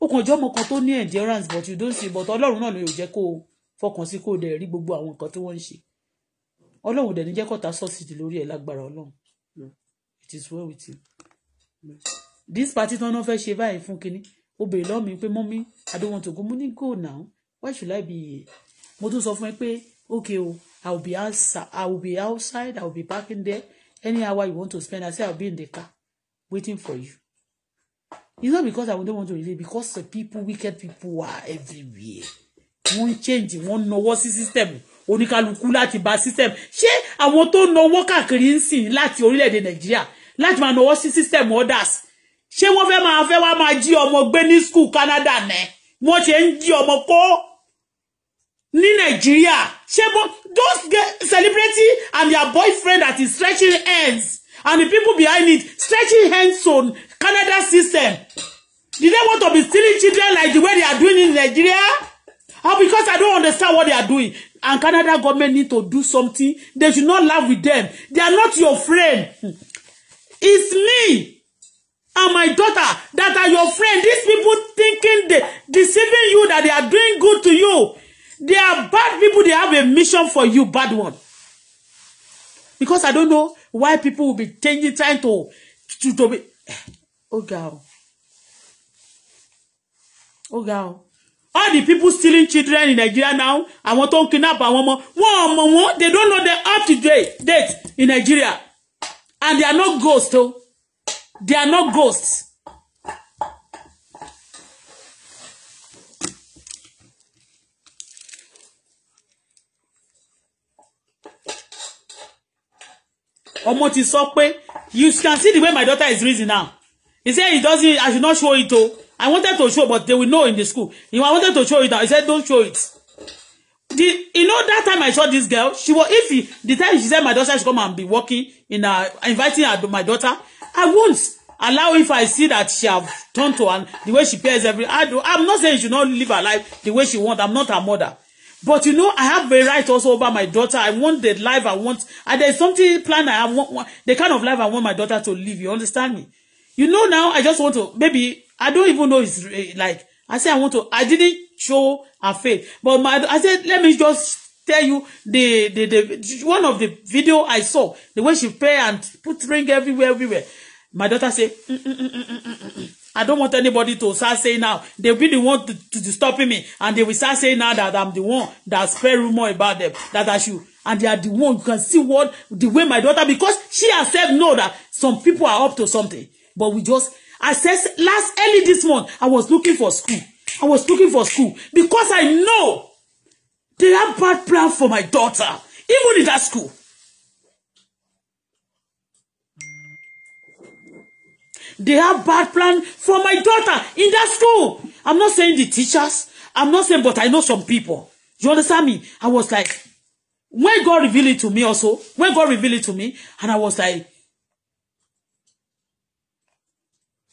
[SPEAKER 1] ó kàn ọmọ kan tó ní endurance but you don't see but ọlọ́run náà ló yóò jẹ́ kó o fọkàn sí kó o dẹ̀ rí gbogbo àwọn nǹkan tí wọ́n ń ṣe ọlọ́run dẹ̀ ní jẹ́ kọ́ta sọ́ọ̀sìtì lórí ẹ̀ lágbára ọlọ́run it is well with you. this party tí wọ́n fẹ́ ṣe báyìí fún kinní ó béèrè mi pé mọ́mí I don't want to go mo ní go now why should I be here mo tún sọ fún ẹ pé okay o I will be outside I will be outside I will be parking there any hour you want to spend I say I will be in the car waiting for you. It's not because I don't want to relate, because the people, wicked people are everywhere. Wọ́n change, wọ́n know what system, oníkálukú láti ba system. Ṣé àwọn tó náwó káàkiri ń sìn láti orílẹ̀-èdè Nàìjíríà láti máa náwó sí system others? Ṣé wọ́n fẹ́ máa fẹ́ wá máa jí ọmọ gbé ní school Canada nẹ́? Wọ́n ṣe ń jí ọmọ kó ní Nàìjíríà. Ṣé bó those celebrity and their boyfriend that is stretching ends and the people behind it stretching hands on Canada system. Did they want to be stealing children like the way they are doing in Nigeria? Or because I don't understand what they are doing. And Canada government need to do something. They should not laugh with them. They are not your friend. It's me and my daughter that are your friend. These people thinking they deceiving you that they are doing good to you. They are bad people. They have a mission for you, bad one. Because I don't know why people will be changing time to to to be eh, Oh ga o ó all the people stealing children in Nigeria now I want to kidnap àwọn ọmọ wọn ọmọ wọn they don't know they up to date in Nigeria and they are not ghosts Oh, they are not ghosts ọmọ ti sọ pé you can see the way my daughter is reason now he said he doesn't I should not show it o I wanted to show but they will know in the school He I wanted to show it now he said don't show it the you know that time I saw this girl she was if he, the time she said my daughter should come and be working in uh inviting her my daughter I won't allow if I see that she have turned to her the way she pays every I do I'm not saying she should not live her life the way she want I'm not her mother But you know, I have a right also over my daughter. I want the life I want. And there's something plan I want, want, the kind of life I want my daughter to live. You understand me? You know now, I just want to, maybe, I don't even know it's eh, like, I said I want to, I didn't show her faith. But my, I said, let me just tell you the, the, the, one of the video I saw, the way she pray and put ring everywhere, everywhere. My daughter said, mm -mm -mm, mm, mm, mm I don't want anybody to start saying now they'll be the one to, to, to stopping me, and they will start saying now that I'm the one that spread rumor about them that I should. And they are the one you can see what the way my daughter because she herself know that some people are up to something. But we just I said last early this month I was looking for school. I was looking for school because I know they have bad plan for my daughter even in that school. They have bad plan for my daughter in that school. I'm not saying the teachers. I'm not saying, but I know some people. You understand me? I was like, when God revealed it to me also, when God revealed it to me, and I was like,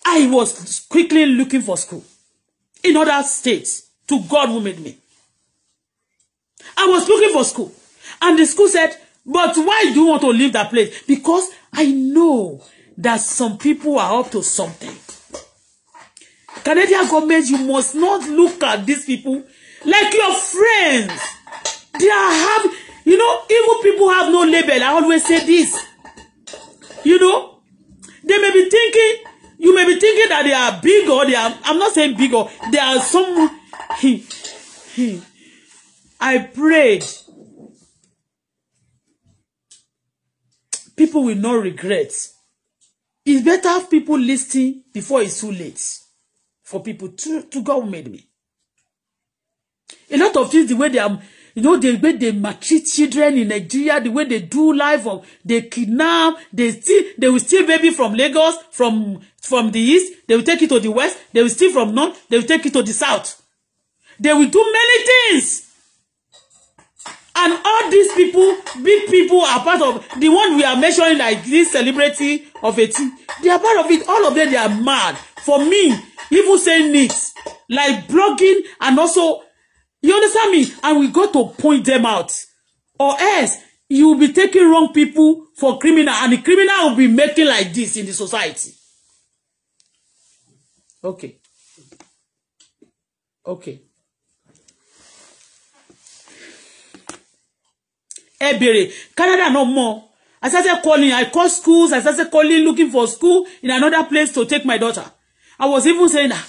[SPEAKER 1] I was quickly looking for school in other states to God who made me. I was looking for school. And the school said, but why do you want to leave that place? Because I know that some people are up to something. Canadian government, you must not look at these people like your friends. They are have, you know, evil people have no label. I always say this. You know, they may be thinking, you may be thinking that they are big or they are, I'm not saying big or, they are some, *laughs* I prayed. People will not regret It's better have people listening before it's too late for people to, to God made me. A lot of things, the way they are, you know, the way they maltreat children in Nigeria, the way they do life, or they kidnap, they steal, they will steal baby from Lagos, from from the east, they will take it to the west, they will steal from north, they will take it to the south. They will do many things. And all these people, big people are part of the one we are mentioning like this celebrity of a team. They are part of it. All of them, they are mad. For me, even saying this, like blogging and also, you understand me? And we got to point them out. Or else, you will be taking wrong people for criminal and the criminal will be making like this in the society. Okay. Okay. ẹ bèrè Canada náà mọ̀ I started calling I called schools I started calling looking for school in another place to take my daughter I was even saying ah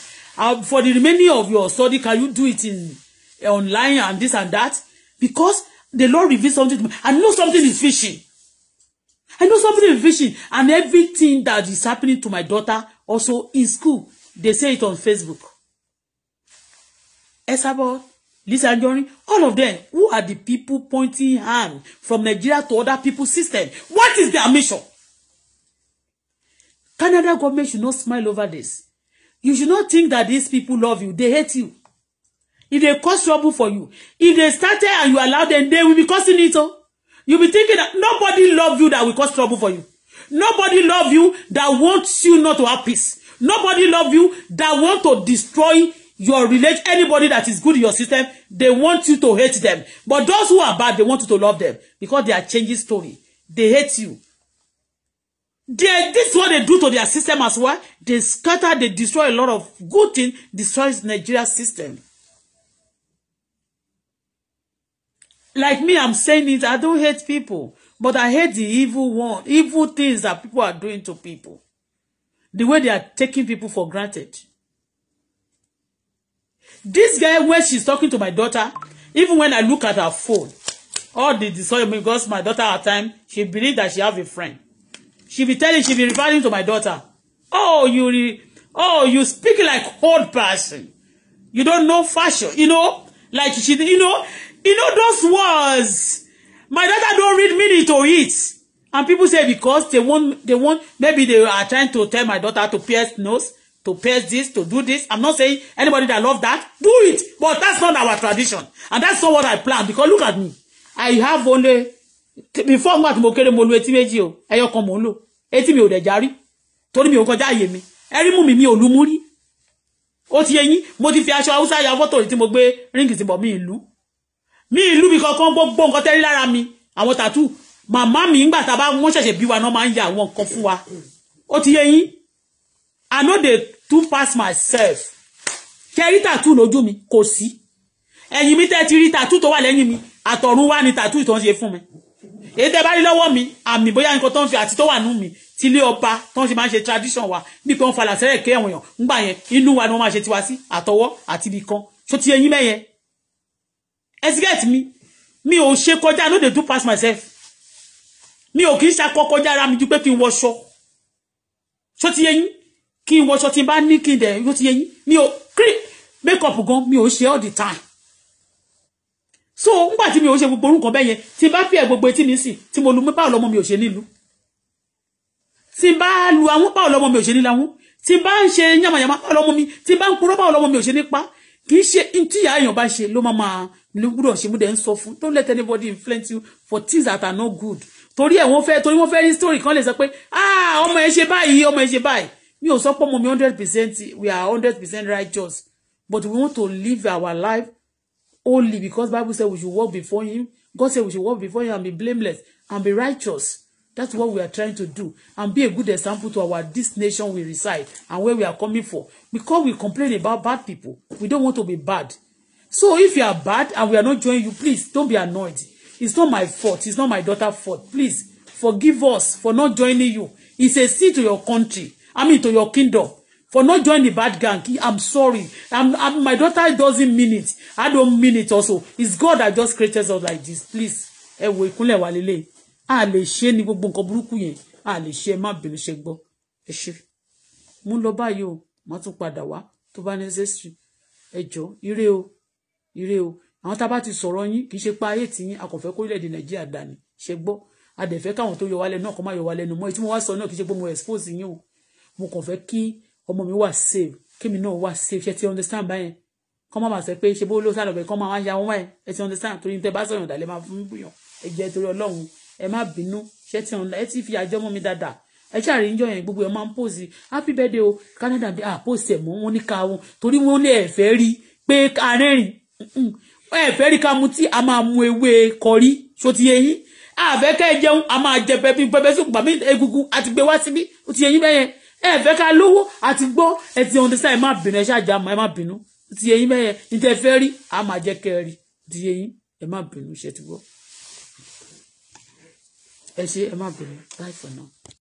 [SPEAKER 1] uh, for the remaining of your study can you do it in uh, online and this and that because the Lord revealed something to me I know something is fishing. I know something is fishing. and everything that is happening to my daughter also in school they say it on Facebook. Esabod Lisa Anjorin, all of them who are the people pointing hand from Nigeria to other people's system. What is their mission? Canada government should not smile over this. You should not think that these people love you. They hate you. If they cause trouble for you, if they started and you allow them, they will be causing it all. Oh. You'll be thinking that nobody loves you that will cause trouble for you. Nobody loves you that wants you not to have peace. Nobody loves you that want to destroy your relate anybody that is good in your system they want you to hate them but those who are bad they want you to love them because they are changing story they hate you they this is what they do to their system as well they scatter they destroy a lot of good thing destroys Nigeria system like me I'm saying it I don't hate people but I hate the evil one evil things that people are doing to people the way they are taking people for granted This guy, when she's talking to my daughter, even when I look at her phone, all the disorder, because my daughter at time, she believe that she have a friend. She be telling, she be referring to my daughter. Oh, you, re, oh, you speak like old person. You don't know fashion, you know? Like she, you know, you know those words. My daughter don't read meaning to it. And people say because they want, they want, maybe they are trying to tell my daughter to pierce nose to pierce this, to do this. I'm not saying anybody that love that, do it. But that's not our tradition. And that's not what I plan. Because look at me. I have only, before ngbà tí mo kéré mo lu eti méjì o, ẹyọ kan mo ń lò. Etí mi ò dẹ̀ járí. Torí mi ò kọjá àyè mi. Ẹrí mú mi mi ò lu mú rí. Ó ti yẹyin, mo ti fi aṣọ Haúsá ya fọ́tò tí mo gbé ríǹgì sí bọ̀ mí ìlú. Mí ìlú mi kankan gbogbo nǹkan tẹ́rí lára mi. Àwọn tàtú. Màmá mi ńgbà tá a bá wọ́n ṣẹ̀ṣẹ̀ wa náà máa ń ya àwọn nǹkan fún wa. Ó ti yẹyin. I know they too pass myself ṣe rí tàtú lójú mi kò sí ẹ̀yìn mi tẹ́ ti rí tàtú tó wà lẹ́yìn mi àtọ̀run wá ni tàtú ìtàn ṣe fún mi èyí tẹ́ bá rí lọ́wọ́ mi àmì bóyá nǹkan tó ń fi àti tó wà nú mi ti ilé ọba tó ń ṣe máa ń ṣe tradition wa nípa wọn falà sẹ́rẹ̀ kí ẹ̀wọ̀n yàn ńgbà yẹn inú wa ni wọ́n máa ṣe tiwa sí àtọwọ́ àti ibì kan tó ti eyín mẹ́yẹn ẹsígẹ́t mi mi ò ṣe kọjá no dey do pass myself mi ò kì í ṣakọ kọjá ara mi ju pé kí n wọṣọ tó ti eyín kí n wọṣọ tí n bá ní kí n dẹ̀ yóò ti yẹ yín mi ò kírì mékọ̀pù gan mi ò ṣe all the time so ngbà tí mi ò ṣe gbogbo orúkọ bẹ́ẹ̀ yẹn tí n bá fẹ́ gbogbo etí mi sì tí mo lu mú báwo lọ́mọ mi ò ṣe nílùú tí n bá lu àwọn báwo lọ́mọ mi ò ṣe nílùú àwọn tí n bá ń ṣe yàmàyàmà báwo lọ́mọ mi tí n bá ń purọ́ báwo lọ́mọ mi ò ṣe nípa kì í ṣe tíyà èèyàn bá ṣe ló máa máa ló gbúdọ̀ ṣe mú dẹ̀ ń sọ fún don't let anybody influence you for things that are not good torí ẹ̀ wọ́n fẹ́ torí wọ́n fẹ́ rí story kan lè sọ pé ah ọmọ ẹ ṣe báyìí ọmọ ẹ ṣe báyìí mi ò sọ pé ọmọ mi hundred percent we are hundred percent righteous but we want to live our life only because Bible say we should walk before him God say we should walk before him and be blameless and be righteous that's what we are trying to do and be a good example to our this nation we reside and where we are coming from because we complain about bad people we don't want to be bad so if you are bad and we are not joining you please don't be annoyed it's not my fault it's not my daughter's fault please forgive us for not joining you it's a sin to your country I mean to your kingdom for not joining the bad gang. I'm sorry. I'm, I'm, my daughter doesn't mean it. I don't mean it also. It's God that just created us like this. Please. Ẹ wo ìkúnlẹ̀ wa lélẹ̀. A lè ṣe ni gbogbo nǹkan burúkú yẹn. A lè ṣe ẹ má bínú ṣe gbọ́. Ẹ ṣe. Mú lọ báyìí o. Má tún padà wá tó bá necessary. Ẹ jọ̀ọ́ ire o. Ire o. Àwọn tá a bá ti sọ̀rọ̀ yín kì í ṣe pa ayé tì yín. A kò fẹ́ kórílẹ̀-èdè Nàìjíríà dànù. Ṣe gbọ́. A dẹ̀ fẹ́ káwọn tó yọ wá náà kó má yọ wá lẹ́nu mọ́. Èyí tí mo wá sọ náà kì í ṣe pé mo expose yín o mo kàn fẹ́ kí ọmọ mi wà safe kémi náà wà safe ṣe ti understand báyẹn kọ́ máa ṣe pé ṣe bó ló sàlọ̀ bẹ́ẹ̀ kọ́ máa wá ṣe àwọn ẹ̀ ẹ ti understand torí tẹ bá sọ̀rọ̀ ìdàlẹ́ máa fún bùyàn ẹ jẹ́ torí ọlọ́run ẹ má bínú ṣe ti ọ̀nà ẹ ti fi àjọ mọ́ mi dáadáa ẹ ṣáà rí yẹn gbogbo ẹ máa ń pòsì happy birthday o Canada bí ah pòsì ẹ̀ mọ́ wọn ní ká wọn torí wọn lè ẹ̀fẹ́ rí pé arẹ́rìn wọn ẹ̀fẹ́ rí ká mu tí a máa mu ewé kọrí ṣó ti yẹ yín àfẹ́kẹ́ jẹun a máa jẹ pẹpẹ pẹpẹ sùn gbàmí egungun àti síbí ti yẹ yín bẹ́yẹn ẹ fẹ́ ká lówó àti gbọ́ ẹ ti ohun tí sáà ẹ má bínú ẹ ṣáàjà mọ́ ẹ má bínú ti yẹyin mẹ́yẹ ní tẹ fẹ́ rí a máa jẹ́ kẹ́ ẹ ti yẹyin ẹ má bínú ṣe ti gbọ́ ẹ ṣe ẹ má bínú bye for now.